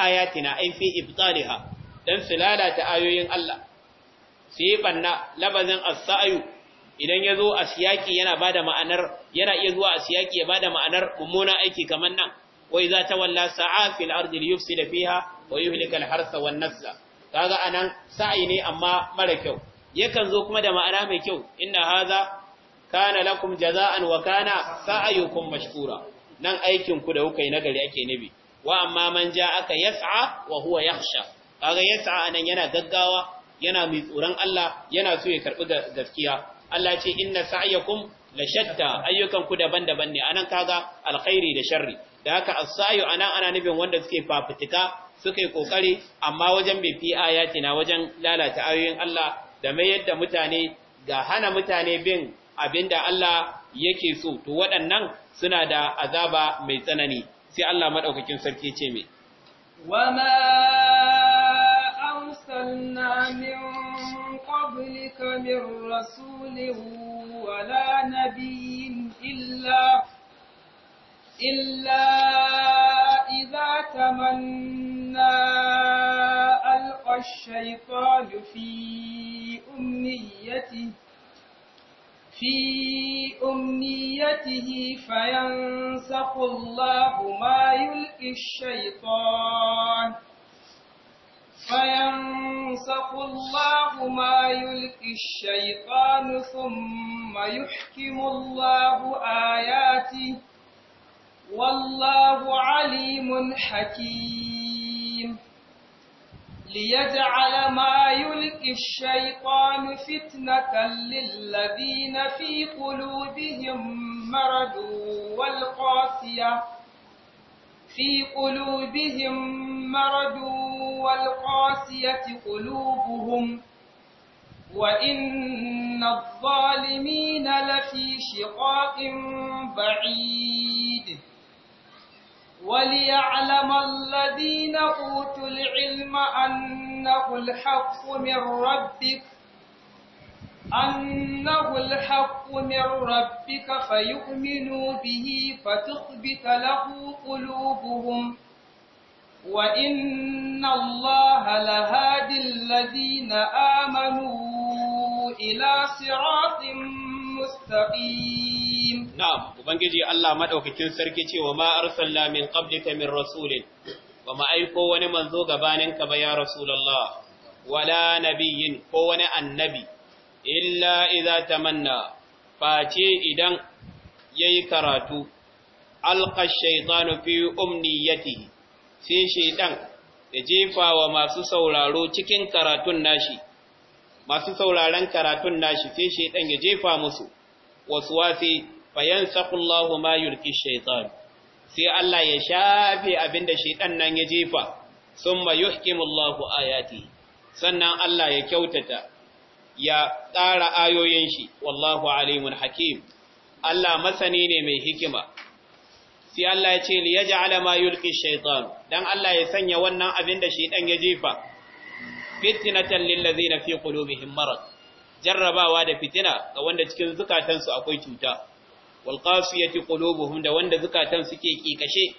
na ai fi ibtaliha don su lalata ayoyin Allah su yi banna labazin a sa'ayu. idan ya zo a siyaki yana bada ma'anar yana iya zuwa a siyaki ya da ma'anar mummuna aiki kamar nan za ta walla sa'a fil ardi liyufsida fiha wa yuhlika al-harsa wan nafsa kaga anan sa'a ne amma mara kyau yakan zo kuma da ma'ana mai kyau inna haza kana lakum jaza'an wa kana sa'ayukum mashkura nan aikin ku da kuka yi nagari ake nabi wa amma man ja'aka yas'a wa huwa yakhsha kaga yas'a anan yana gaggawa yana mai tsoron Allah yana so ya karbi gaskiya Allah ce inna sa'yakum la shatta ayyukan ku daban-daban ne anan kaga alkhairi da sharri da haka as-sa'yu anan ana nufin wanda suke fafutuka suka yi kokari amma wajen bai fi ayatina wajen lalata ayoyin Allah da mai yadda mutane ga hana mutane bin abinda Allah yake so to waɗannan suna da azaba mai tsanani sai Allah madaukakin sarki ce mai wama arsalna min من رسول ولا نبي إلا إلا إذا تمنى ألقى الشيطان في أمنيته في أمنيته فينسخ الله ما يلقي الشيطان يرزق الله ما يلقي الشيطان ثم يحكم الله آياته والله عليم حكيم ليجعل ما يلقي الشيطان فتنة للذين في قلوبهم مرض والقاسية في قلوبهم مرض والقاسية قلوبهم وإن الظالمين لفي شقاق بعيد وليعلم الذين أوتوا العلم أنه الحق من ربك أنه الحق من ربك فيؤمنوا به فتخبت له قلوبهم وإن الله لهادي الذين آمنوا إلى صراط مستقيم نعم Allah الله مدوكين سركي ce wa ma arsalna min qablika min rasulin wa ma aiko wani manzo gabaninka ba ya rasulullah wala nabiyyin ko wani annabi illa idza manna. face idan yayi karatu alqa shaytanu fi umniyatihi sai shaidan ya jefa wa masu sauraro cikin karatun nashi masu sauraron karatun nashi sai shaidan ya jefa musu wasu waswasi fayansaqullahu ma yurki shaytan sai Allah ya shafe abinda shaidan nan ya jefa summa yuhkimullahu ayati sannan Allah ya kyautata ya tsara ayoyin shi wallahu alimun hakim Allah masani ne mai hikima sai Allah ya ce li yaj'ala ma yulqi shaytan dan Allah ya sanya wannan abin da shaytan ya jefa fitnatan lil ladzina fi qulubihim marad jarrabawa da fitina ga wanda cikin zukatansu akwai cuta wal qasiyati qulubuhum da wanda zukatan suke kikashe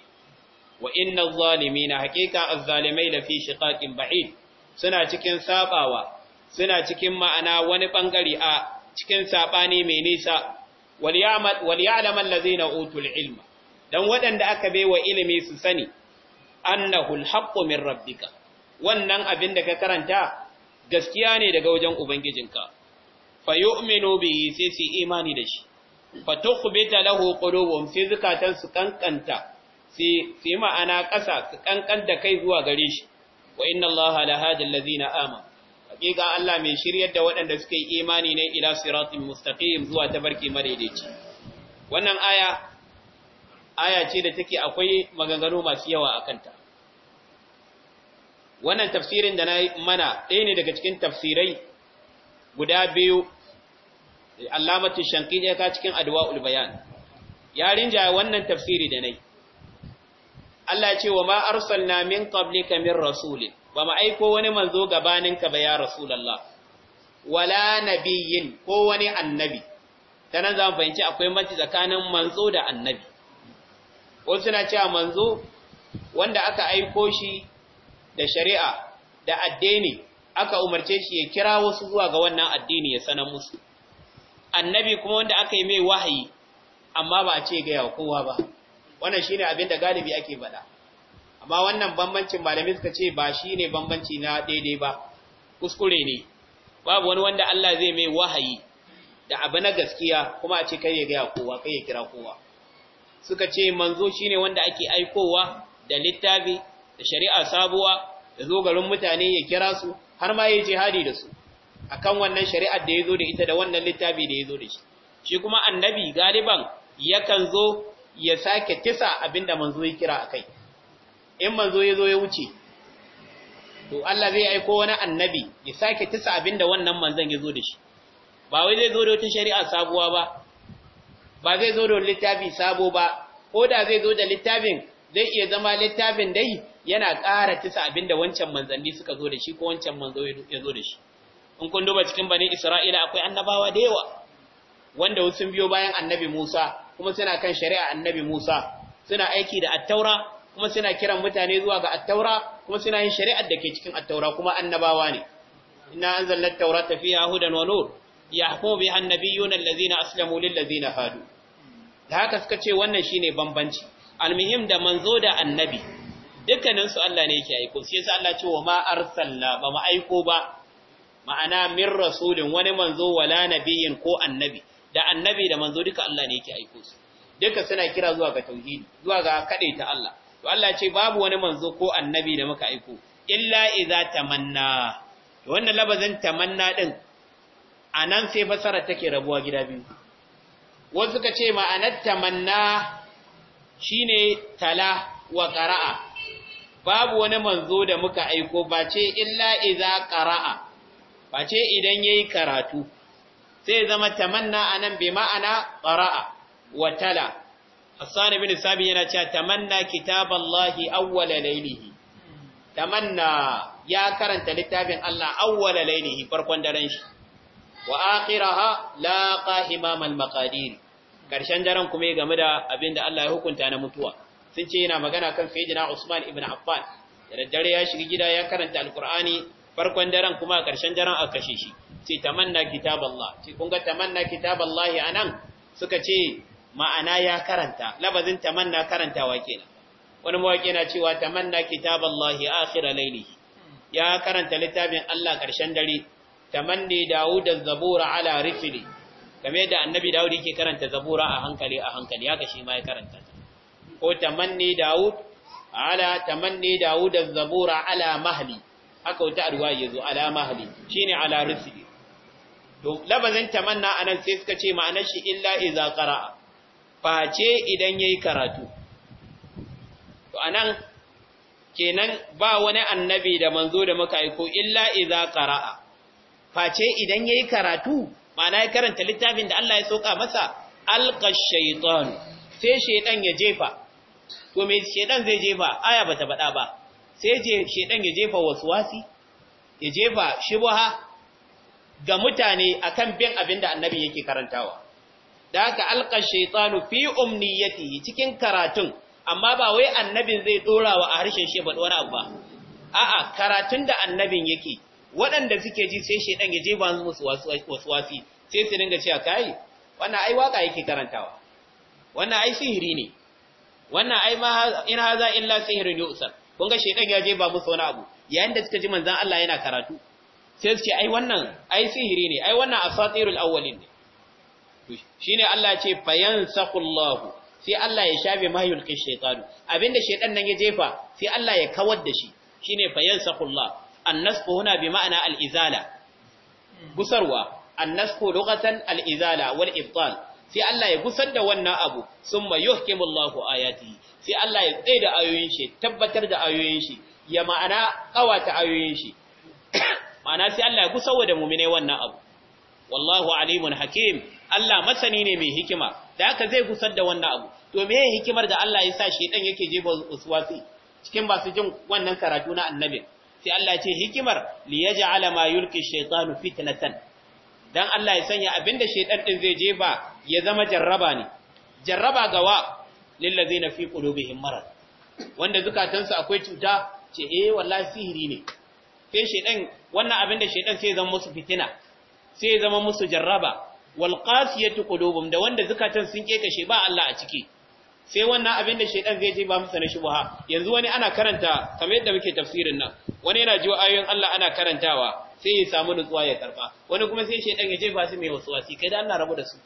wa na zalimina haqiqa azzalimai da fi shiqaqin ba'id suna cikin sabawa suna cikin ma'ana wani bangare a cikin sabani mai nisa wal ya'mal ya'lam allazina utul ilma dan waɗanda aka baiwa ilimi su sani annahul alhaqqu min rabbika wannan abin da ka karanta gaskiya ne daga wajen ubangijinka fa yu'minu bihi sai su imani da shi fa laho lahu qulubuhum sai zukatan su kankanta sai ma'ana ƙasa su ƙanƙanta kai zuwa gare shi wa inna allaha la hadi allazina amanu hakika Allah mai shiryar da waɗanda suka yi imani ne ila siratin mustaqim zuwa tabarki madaidaici wannan aya aya ce da take akwai maganganu masu yawa a kanta wannan tafsirin da na mana ɗaya ne daga cikin tafsirai guda biyu alamatin shankin ya ka cikin adwa ulbayan ya rinja wannan tafsiri da yi. Allah ce wa ma arsalna min qablika min rasulin ba ma aiko wani manzo gabaninka ba ya rasulullah wala nabiyyin ko wani annabi ta nan za mu fahimci akwai manci tsakanin manzo da annabi wasu na cewa manzo wanda aka aiko shi da shari'a da addini aka umarce shi ya kira wasu zuwa ga wannan addini ya sanar musu annabi kuma wanda aka yi mai wahayi amma ba a ce ga yawa kowa ba wannan shine abin da galibi ake bada amma wannan bambancin malami suka ce ba shine bambanci na daidai ba kuskure ne babu wani wanda Allah zai mai wahayi da abu na gaskiya kuma a ce kai ya ga kowa kai ya kira kowa suka ce manzo shine wanda ake aikowa da littafi da shari'a sabuwa da zo garin mutane ya kira su har ma yayi jihadi da su akan wannan shari'ar da yazo da ita da wannan littafi da yazo da shi shi kuma annabi galiban yakan zo ya sake tisa abinda manzo ya kira akai in manzo yazo ya wuce to Allah zai aiko wani annabi ya sake tisa abinda wannan manzon yazo da shi ba wai zai zo da wata shari'a sabuwa ba ba zai zo da littafi sabo ba ko da zai zo da littafin zai iya zama littafin dai yana ƙara tisa abinda wancan manzanni suka zo da shi ko wancan manzo ya zo da shi in kun duba cikin bani Isra'ila akwai annabawa da yawa wanda sun biyo bayan annabi Musa kuma suna kan shari'a annabi Musa suna aiki da attaura kuma suna kiran mutane zuwa ga attaura kuma suna yin shari'ar da ke cikin attaura kuma annabawa ne inna anzalna at-taurata fiha hudan wa nur yahkumu biha annabiyuna allazina aslamu lil ladzina hadu da haka suka ce wannan shine bambanci almuhim da manzo da annabi dukkanin su Allah ne yake aiko sai yasa Allah ce wa ma arsalna ba mu aiko ba ma'ana min rasulin wani manzo wala nabiyin ko annabi da annabi da manzo duka Allah ne yake aiko su duka suna kira zuwa ga tauhidi zuwa ga kadaita Allah to Allah ce babu wani manzo ko annabi da muka aiko illa idza tamanna to wannan labazin tamanna din a nan sai fasarar take rabuwa gida biyu wasu suka ce ma'anar tamanna shi ne tala wa ƙara'a. babu wani manzo da muka aiko ba ce illa iza ƙara'a. ba ce idan yayi karatu sai zama tamanna a nan bai ma'ana ƙara'a wa tala Hassan bin Sabi yana cewa tamanna Allahi awwala lailihi tamanna ya karanta littafin Allah awwala lailihi farkon daren shi wa akhiraha laqa himamal maqadir karshen daren kuma game da abinda Allah ya hukunta na mutuwa sun ce yana magana kan sayyidina Usman ibn Affan da daddare ya shiga gida ya karanta alqur'ani farkon daren kuma karshen daren a kashe shi ce tamanna kitaballah ce kun ga tamanna kitaballah anan suka ce ma'ana ya karanta labazin tamanna karantawa kenan wani mawaki na cewa tamanna kitaballah akhira layli ya karanta littafin Allah karshen dare tamanni Dawud zabura ala rifli kamar yadda annabi Dawud yake karanta zabura a hankali a hankali haka shi ma ya karanta ko tamanni Dawud ala tamanni Dawud zabura ala mahli haka wata arwa yazo ala mahli shine ala rifli to labazin tamanna anan sai suka ce ma'anar shi illa iza qara'a face idan yayi karatu to anan kenan ba wani annabi da manzo da muka aiko illa iza qara'a face idan yayi karatu ma'ana ya karanta littafin da Allah ya soka masa alqa sai shaytan ya jefa to me shaytan zai jefa aya bata bada ba sai je shaytan ya jefa waswasi ya jefa shubha ga mutane akan bin abin da annabi yake karantawa da haka alqa fi umniyati cikin karatun amma ba wai annabin zai dora wa a harshen shi ba ɗora abu ba a'a karatun da annabin yake waɗanda suke ji sai shaidan ya jefa musu wasu wasi sai su dinga cewa kai wannan ai waka yake karantawa wannan ai sihiri ne wannan ai ma in haza illa sihirun yusal kun ga shaidan ya ba musu wani abu yayin da suka ji manzon Allah yana karatu sai su ce ai wannan ai sihiri ne ai wannan asatirul awwalin ne shine Allah ya ce fayansaqullahu sai Allah ya shafe mahayul kai shaytanu abinda shaidan nan ya jefa sai Allah ya kawar da shi shine fayansaqullah annasku huna bi ma'ana al'izala, gusarwa, annasku lokacin al'izala wal ibtal sai Allah ya gusar da wannan abu, sun mai yuhkimullahu ayati, sai Allah ya tsaye da ayoyin shi, tabbatar da ayoyin shi, ya ma'ana ƙawata ayoyin shi, ma'ana sai Allah ya gusarwa da mumine wannan abu. Wallahu alimun hakim, Allah masani ne mai hikima, da haka zai gusar da wannan abu, to me hikimar da Allah ya sa shi dan yake jefa wasu cikin masu jin wannan karatu na annabin. sai Allah ya ce hikimar liyaj'ala ma yulqi shaytanu fitnatan dan Allah ya sanya abinda shaytan din zai jefa ya zama jarraba ne jarraba gawa lillazina fi qulubihim marad wanda zukatansu akwai cuta ce eh wallahi sihiri ne sai shaytan wannan abinda shaytan sai zama musu fitina sai zama musu jarraba wal qasiyatu qulubum da wanda zukatan sun kekashe ba Allah a ciki sai wannan abin da shaidan zai je ba masa na shubha yanzu wani ana karanta kamar yadda muke tafsirin nan wani yana jiwa ayoyin Allah ana karantawa sai ya samu nutsuwa ya karba wani kuma sai shaidan ya je ba su mai wasuwasi kai da Allah rabu da su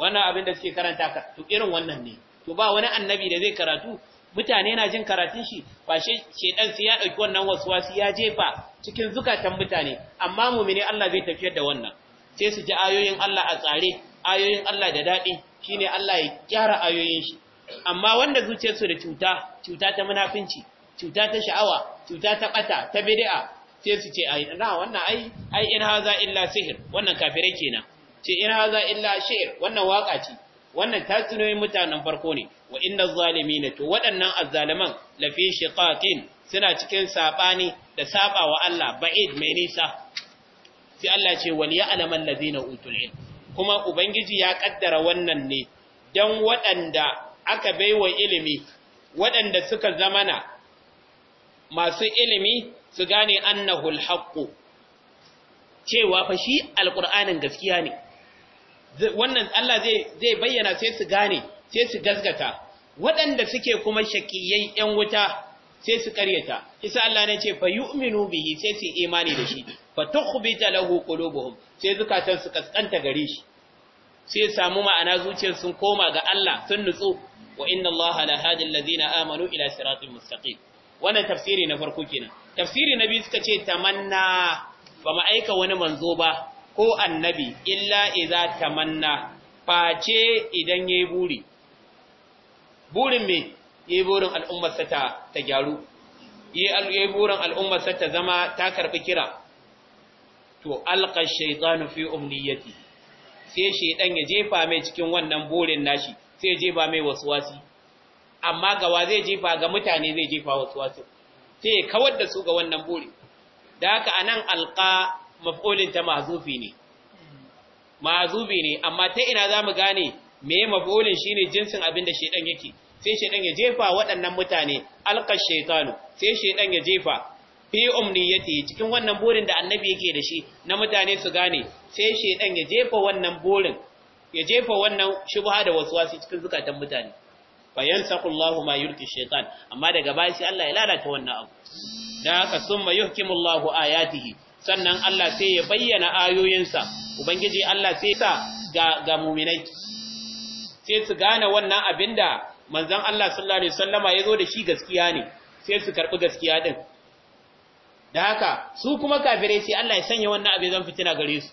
wannan abin da suke karanta ka to irin wannan ne to ba wani annabi da zai karatu mutane na jin karatun shi ba shi shaidan sai ya dauki wannan waswasi ya jefa cikin zukatan mutane amma mu'mini Allah zai tafiyar da wannan sai su ji ayoyin Allah a tsare ayoyin Allah da dadi shine Allah ya gyara ayoyin shi amma wanda zuciyarsu da cuta cuta ta munafinci cuta ta sha'awa cuta ta ɓata, ta bidi'a, sai su ce ai na wannan ai ai in haza illa sihir wannan kafire kenan ce in haza illa sihir, wannan waka ce wannan tatsuniyoyin mutanen farko ne wa inna na to waɗannan azzaliman lafi shiqaqin suna cikin saɓani da saba wa Allah ba'id mai nisa sai Allah ce wal ya'lamal ladina utul ilm kuma Ubangiji ya ƙaddara wannan ne don waɗanda aka baiwa ilimi, waɗanda suka zamana masu ilimi su gane annahul cewa fa shi alƙur'anin gaskiya ne. Wannan Allah zai bayyana sai su gane, sai su gasgata, waɗanda suke kuma shakiyayen ‘yan wuta sai su ƙaryata, isa Allah ne ce fa yi bihi sai su imani da shi. fa tukhbita lahu qulubuhum sai zukatan su kaskanta gare shi sai samu ma'ana zuciyar sun koma ga Allah sun nutsu wa inna na la hadi alladhina amanu ila siratin mustaqim wannan tafsiri na farko kenan tafsiri na biyu suka ce tamanna ba ma aika wani manzo ba ko annabi illa idza tamanna face idan yayi buri burin me yayi burin al'ummar ta ta gyaru yayi burin al'ummar ta zama ta karbi kira to alqa shaytanu fi umniyati sai shaydan ya jefa mai cikin wannan burin nashi sai ya jefa mai waswasi amma wa zai jefa ga mutane zai jefa waswasi sai ya kawar da su ga wannan buri da haka anan alqa maf'ulin ta mazufi ne mahzufi ne amma ta ina zamu gane me maf'ulin shine jinsin abin da shaydan yake sai shaydan ya jefa waɗannan mutane alqa shaytanu sai shaydan ya jefa fi umniyati cikin wannan burin da annabi yake da shi na mutane su gane sai shedan ya jefa wannan burin ya jefa wannan shubha da waswasi cikin zukatan mutane fa yansaqullahu ma yurki shaytan amma daga baya sai Allah ya lalata wannan abu da haka summa yuhkimullahu ayatihi sannan Allah sai ya bayyana ayoyinsa ubangiji Allah sai sa ga ga mu'minai sai su gane wannan abinda manzon Allah sallallahu alaihi wasallama ya zo da shi gaskiya ne sai su karbi gaskiya din da haka su kuma kafirai sai Allah ya sanya wannan abin zan fitina gare su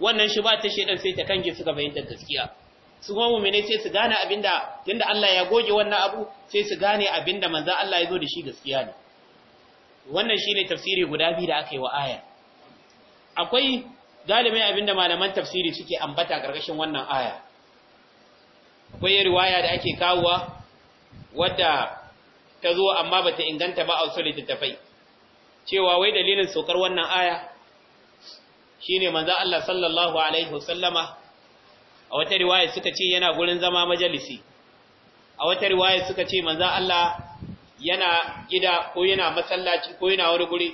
wannan shi ba ta shedan sai ta kange su ga fahimtar gaskiya su kuma mu'mine sai su gane abinda tunda Allah ya goge wannan abu sai su gane abinda manzo Allah ya zo da shi gaskiya ne wannan shine tafsiri guda biyu da aka yi wa aya akwai galibin abinda malaman tafsiri suke ambata gargashin wannan aya akwai riwaya da ake kawowa wadda ta zo amma bata inganta ba a wasu littattafai cewa wai dalilin saukar wannan aya shine manzo Allah sallallahu alaihi wasallama a wata riwaya suka ce yana gurin zama majalisi a wata riwaya suka ce manzo Allah yana gida ko yana masallaci ko yana wani guri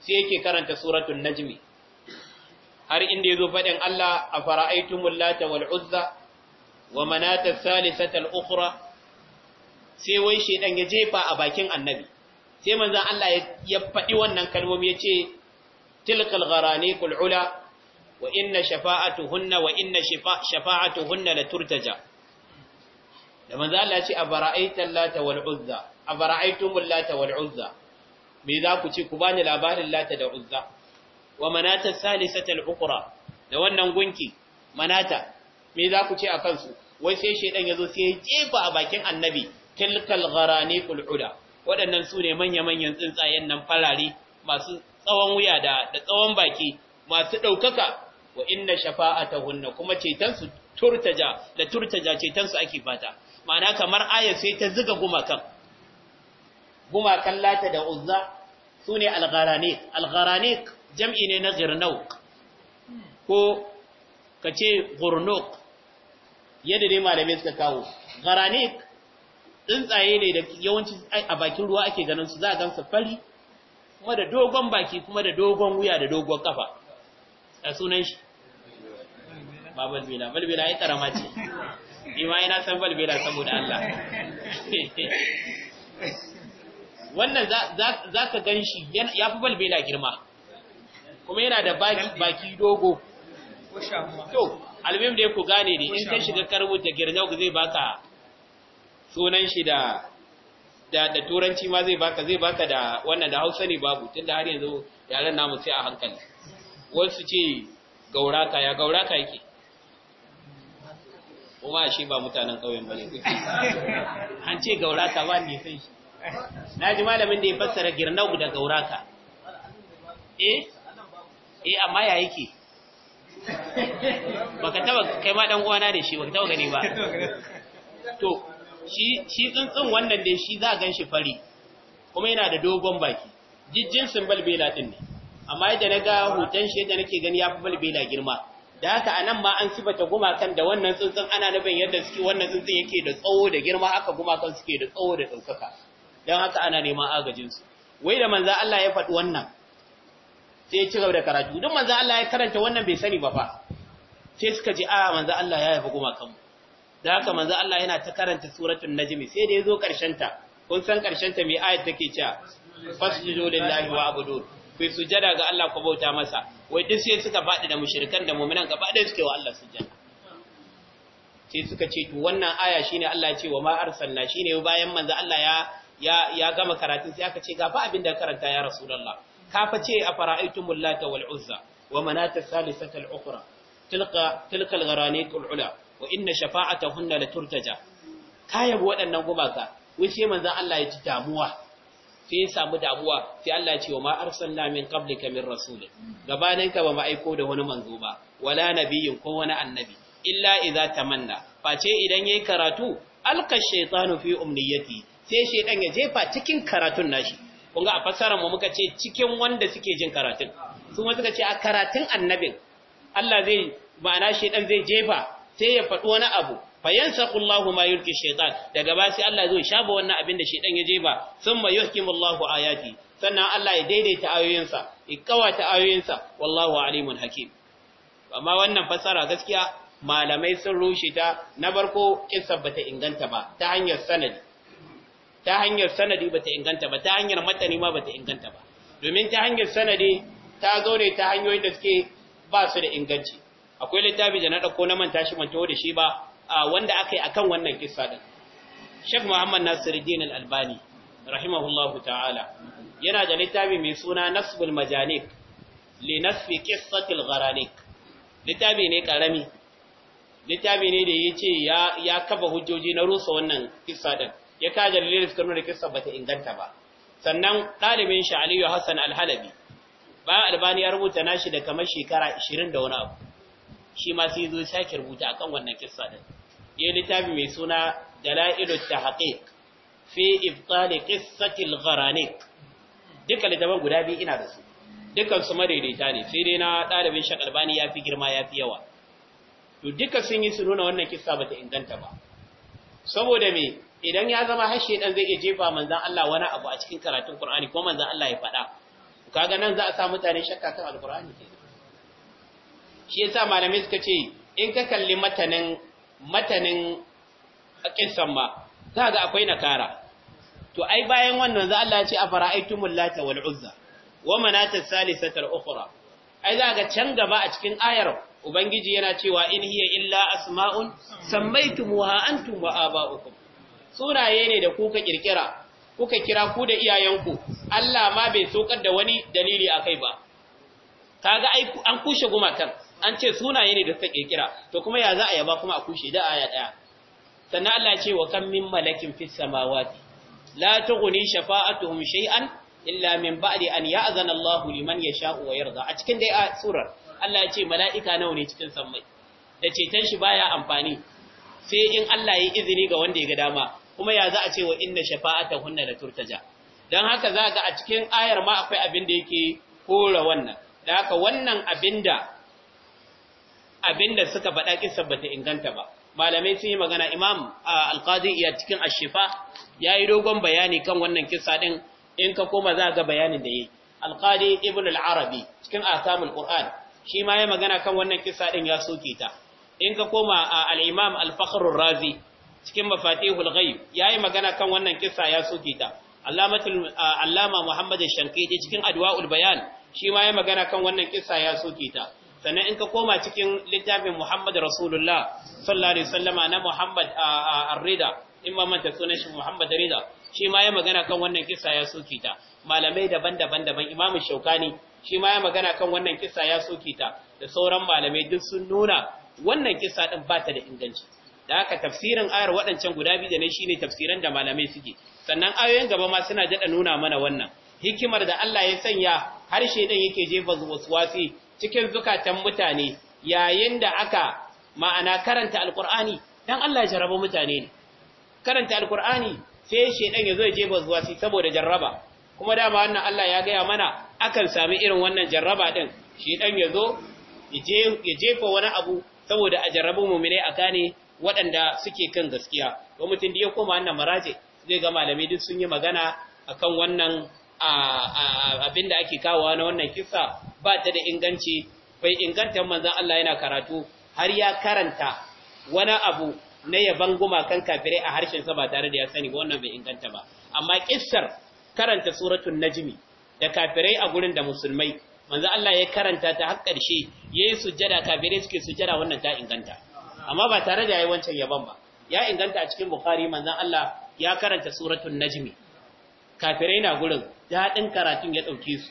sai yake karanta suratun najmi har inda yazo fadin Allah a lata wal uzza wa manata salisatal ukhra sai wai shedan ya jefa a bakin annabi sai manzon Allah ya faɗi wannan kalmomi ya ce tilkal gharani kul ula wa inna shafa'atuhunna wa inna shafa'atuhunna la turtaja da manzon Allah ya ce abara'aital lata wal uzza abara'aitumul lata wal uzza me za ku ce ku bani labarin lata da uzza wa manata salisatal ukra da wannan gunki manata me za ku ce a kansu wai sai shaidan ya zo sai ya jefa a bakin annabi tilkal gharani kul waɗannan su ne manya-manyan tsuntsayen nan farare masu tsawon wuya da tsawon baki masu ɗaukaka wa inna hunna kuma cetonsu turtaja da turtaja cetonsu ake fata ma'ana kamar aya sai ta ziga gumakan gumakan lata da uzza su ne algharanik algharanik jam'i ne na girnauk ko ka ce gurnuk yadda dai malamai suka kawo garanik tsuntsaye ne da yawanci a bakin ruwa ake ganin su za a gansa fari kuma da dogon baki kuma da dogon wuya da dogon kafa a sunan shi ba balbela balbela ya karama ce ima yana san balbela saboda Allah wannan za ka gan shi ya fi balbela girma kuma yana da baki dogo to albim da ya ku gane ne in ka shiga karbuta girnau zai baka sunan shi da da da turanci ma zai baka zai baka da wannan da Hausa ne babu tunda har yanzu yaran namu sai a hankali wasu ce gauraka ya gauraka yake kuma shi ba mutanen kauyen bane (laughs) an ce gauraka ba ne sai shi naji malamin da ya fassara girnau da gauraka eh eh amma ya yake baka taba kai ma dan uwana da shi baka taba gani ba (laughs) to shi tsuntsun wannan dai shi za gan shi fari kuma yana da dogon baki Jijjin sun balbela din ne amma yadda na ga hoton shi yadda nake gani ya fi balbela girma da haka a nan ma an sifata gumakan da wannan tsuntsun ana nufin yadda suke wannan tsuntsun yake da tsawo da girma haka gumakan suke da tsawo da ɗaukaka don haka ana neman agajinsu wai da manzo Allah ya faɗi wannan sai ya ci gaba da karatu duk manzo Allah ya karanta wannan bai sani ba fa sai suka ji a ah, manzo Allah ya yafi gumakanmu da haka manzo Allah yana ta karanta suratul najmi sai da yazo karshen ta kun san karshen ta me ayat take cewa fasjudu lillahi wa abudu ku sujada ga Allah ku bauta masa wai duk sai suka faɗi da mushrikan da mu'minan gaba ɗaya suke wa Allah sujada sai suka ce to wannan aya shine Allah ya ce wa ma arsalna shine bayan manzo Allah ya ya ya gama karatun sai aka ce ga fa abin da karanta ya rasulullah ka fa ce a fara'aytumul lata wal uzza wa manata salisatal ukhra tilka tilka al-gharaniqul ula wa inna shafa'atahunna laturtaja kayabu waɗannan gumaka wai sai manzon Allah ya ji damuwa sai ya samu damuwa sai Allah ya ce wa ma arsalna min qablika min rasul gabanin ka ba mu aiko da wani manzo ba wala nabiyyin ko wani annabi illa idza tamanna face idan yayi karatu alka shaytanu fi umniyati sai shaytan ya jefa cikin karatun nashi kun ga a fassarar mu muka ce cikin wanda suke jin karatun su ma suka ce a karatun annabin Allah zai ma'ana shaytan zai jefa sai ya faɗi wani abu fayansakhu Allahu ma yulki shaytan daga ba sai Allah zai shafa wannan abin da shaytan ya jefa thumma yuhkimu Allahu ayati sannan Allah ya daidaita ayoyinsa ya kawata ayoyinsa wallahu alimun hakim amma wannan fassara gaskiya malamai sun rushe ta na barko kissar bata inganta ba ta hanyar sanadi ta hanyar sanadi bata inganta ba ta hanyar matani ma bata inganta ba domin ta hanyar sanadi ta zo ne ta hanyoyin da suke ba su da inganci akwai littafi da na ɗauko na manta shi mantawo da shi ba wanda aka yi akan wannan kissa din Sheikh Muhammad Nasiruddin Al-Albani rahimahullahu ta'ala yana da littafi mai suna Nasbul Majanik li nasfi qissatil gharanik littafi ne karami littafi ne da yace ya ya kafa hujjoji na rusa wannan kissa din ya ka dalilin suka da kissa bata inganta ba sannan ɗalibin shi Aliyu Hassan Al-Halabi bayan Albani ya rubuta nashi da kamar shekara 20 da wani abu shi ma sai zo sake rubuta akan wannan kissa din ya littafi mai suna dalailu tahqiq fi ibtal qissati gharanik duka guda biyu ina da su dukan su madaidaita ne sai dai na dalibin shakalbani fi girma ya fi yawa to duka sun yi su nuna wannan kissa bata inganta ba saboda me idan ya zama harshe dan zai iya jefa manzon Allah wani abu a cikin karatun Qur'ani ko manzon Allah ya faɗa kaga nan za a sa mutane shakka kan alqur'ani kenan shi yasa malamai suka ce in ka kalli matanin matanin kissan ma za ga akwai nakara to ai bayan wannan za Allah ya ce afara'aytumul lata wal uzza wa manata salisatal ukhra ai za ga can gaba a cikin ayar ubangiji yana cewa in hiya illa asma'un sammaytumuha antum wa aba'ukum sunaye ne da kuka kirkira kuka kira ku da iyayenku Allah ma bai sokar da wani dalili akai ba kaga ai an kushe gumatar, an ce sunaye ne da suka kirkira to kuma ya za a yaba kuma a kushe da aya daya sannan Allah ce wa kam min malakin fis samawati la tughni shafa'atuhum shay'an illa min ba'di an ya'zana Allah liman yasha'u wa yarda a cikin dai a surar Allah ya ce mala'ika nawa ne cikin sammai da ceton shi baya amfani sai in Allah ya izini ga wanda ya ga dama kuma ya za a ce wa inna hunna la turtaja dan haka za ga a cikin ayar ma akwai abin da yake kora wannan da haka wannan abinda abinda suka faɗa kisan bata inganta ba malamai sun yi magana imam alqadi iya cikin ashifa yayi dogon bayani kan wannan kisa din in ka koma za ga bayanin da yayi alqadi ibn al-arabi cikin asamul qur'an shi ma yayi magana kan wannan kisa din ya soke ta in ka koma al-imam al-fakhr razi cikin mafatihul ghaib yayi magana kan wannan kisa ya soke ta allamatul allama muhammad shankidi cikin adwaul bayan shi ma ya magana kan wannan kissa ya soke ta sannan in ka koma cikin littafin Muhammad Rasulullah sallallahu alaihi wasallama na Muhammad Ar-Rida in ma manta sunan shi Muhammad Rida shi ma ya magana kan wannan kissa ya soke ta malamai daban-daban daban Imam Shaukani shi ma ya magana kan wannan kissa ya soke ta da sauran malamai duk sun nuna wannan kissa din ba ta da inganci da haka tafsirin ayar waɗancan guda biyu da ne shine tafsiran da malamai suke sannan ayoyin gaba ma suna dada nuna mana wannan hikimar da Allah ya sanya har shedan yake jefa waswasi cikin zukatan mutane yayin da aka ma'ana karanta alqur'ani dan Allah ya jarraba mutane ne karanta alqur'ani sai shedan ya zo ya jefa waswasi saboda jarraba kuma dama wannan Allah ya gaya mana akan sami irin wannan jarraba din shedan ya zo ya jefa wani abu saboda a jarrabu mu'mine a gane waɗanda suke kan gaskiya ko mutum da ya koma wannan maraje zai ga malamai duk sun yi magana akan wannan abin da ake kawowa na wannan kisa ba ta da inganci bai inganta manzan Allah yana karatu har ya karanta wani abu na yaban gumakan kafirai a harshen sa ba tare da ya sani ba wannan bai inganta ba amma kissar karanta suratun najmi da kafirai a gurin da musulmai manzan Allah ya karanta ta har ƙarshe yayi sujjada kafirai suke sujjada wannan ta inganta amma ba tare da yayi wancan yaban ba ya inganta a cikin bukhari manzan Allah ya karanta suratun Najimi. kafirai na gurin daɗin karatun ya ɗauke su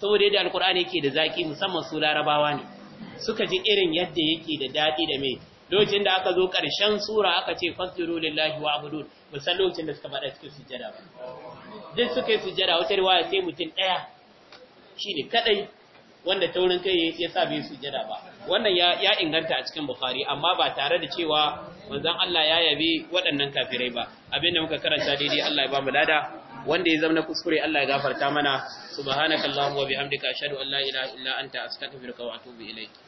saboda yadda alkur'ani yake da zaƙi musamman su larabawa ne suka ji irin yadda yake da daɗi da mai lokacin da aka zo ƙarshen sura aka ce fasdiru lillahi wa abudun musan lokacin da suka faɗa cikin sujjada duk suka yi sujjada wata riwaya sai mutum ɗaya shi ne kaɗai wanda taurin kai ya sa bai sujjada ba wannan ya inganta a cikin bukhari amma ba tare da cewa manzon Allah ya yabi waɗannan kafirai ba abinda muka karanta daidai Allah ya ba mu lada wanda ya zama kuskure Allah ya gafarta mana subhanakallahumma wa bihamdika ashhadu an la ilaha illa anta astaghfiruka wa atubu ilayk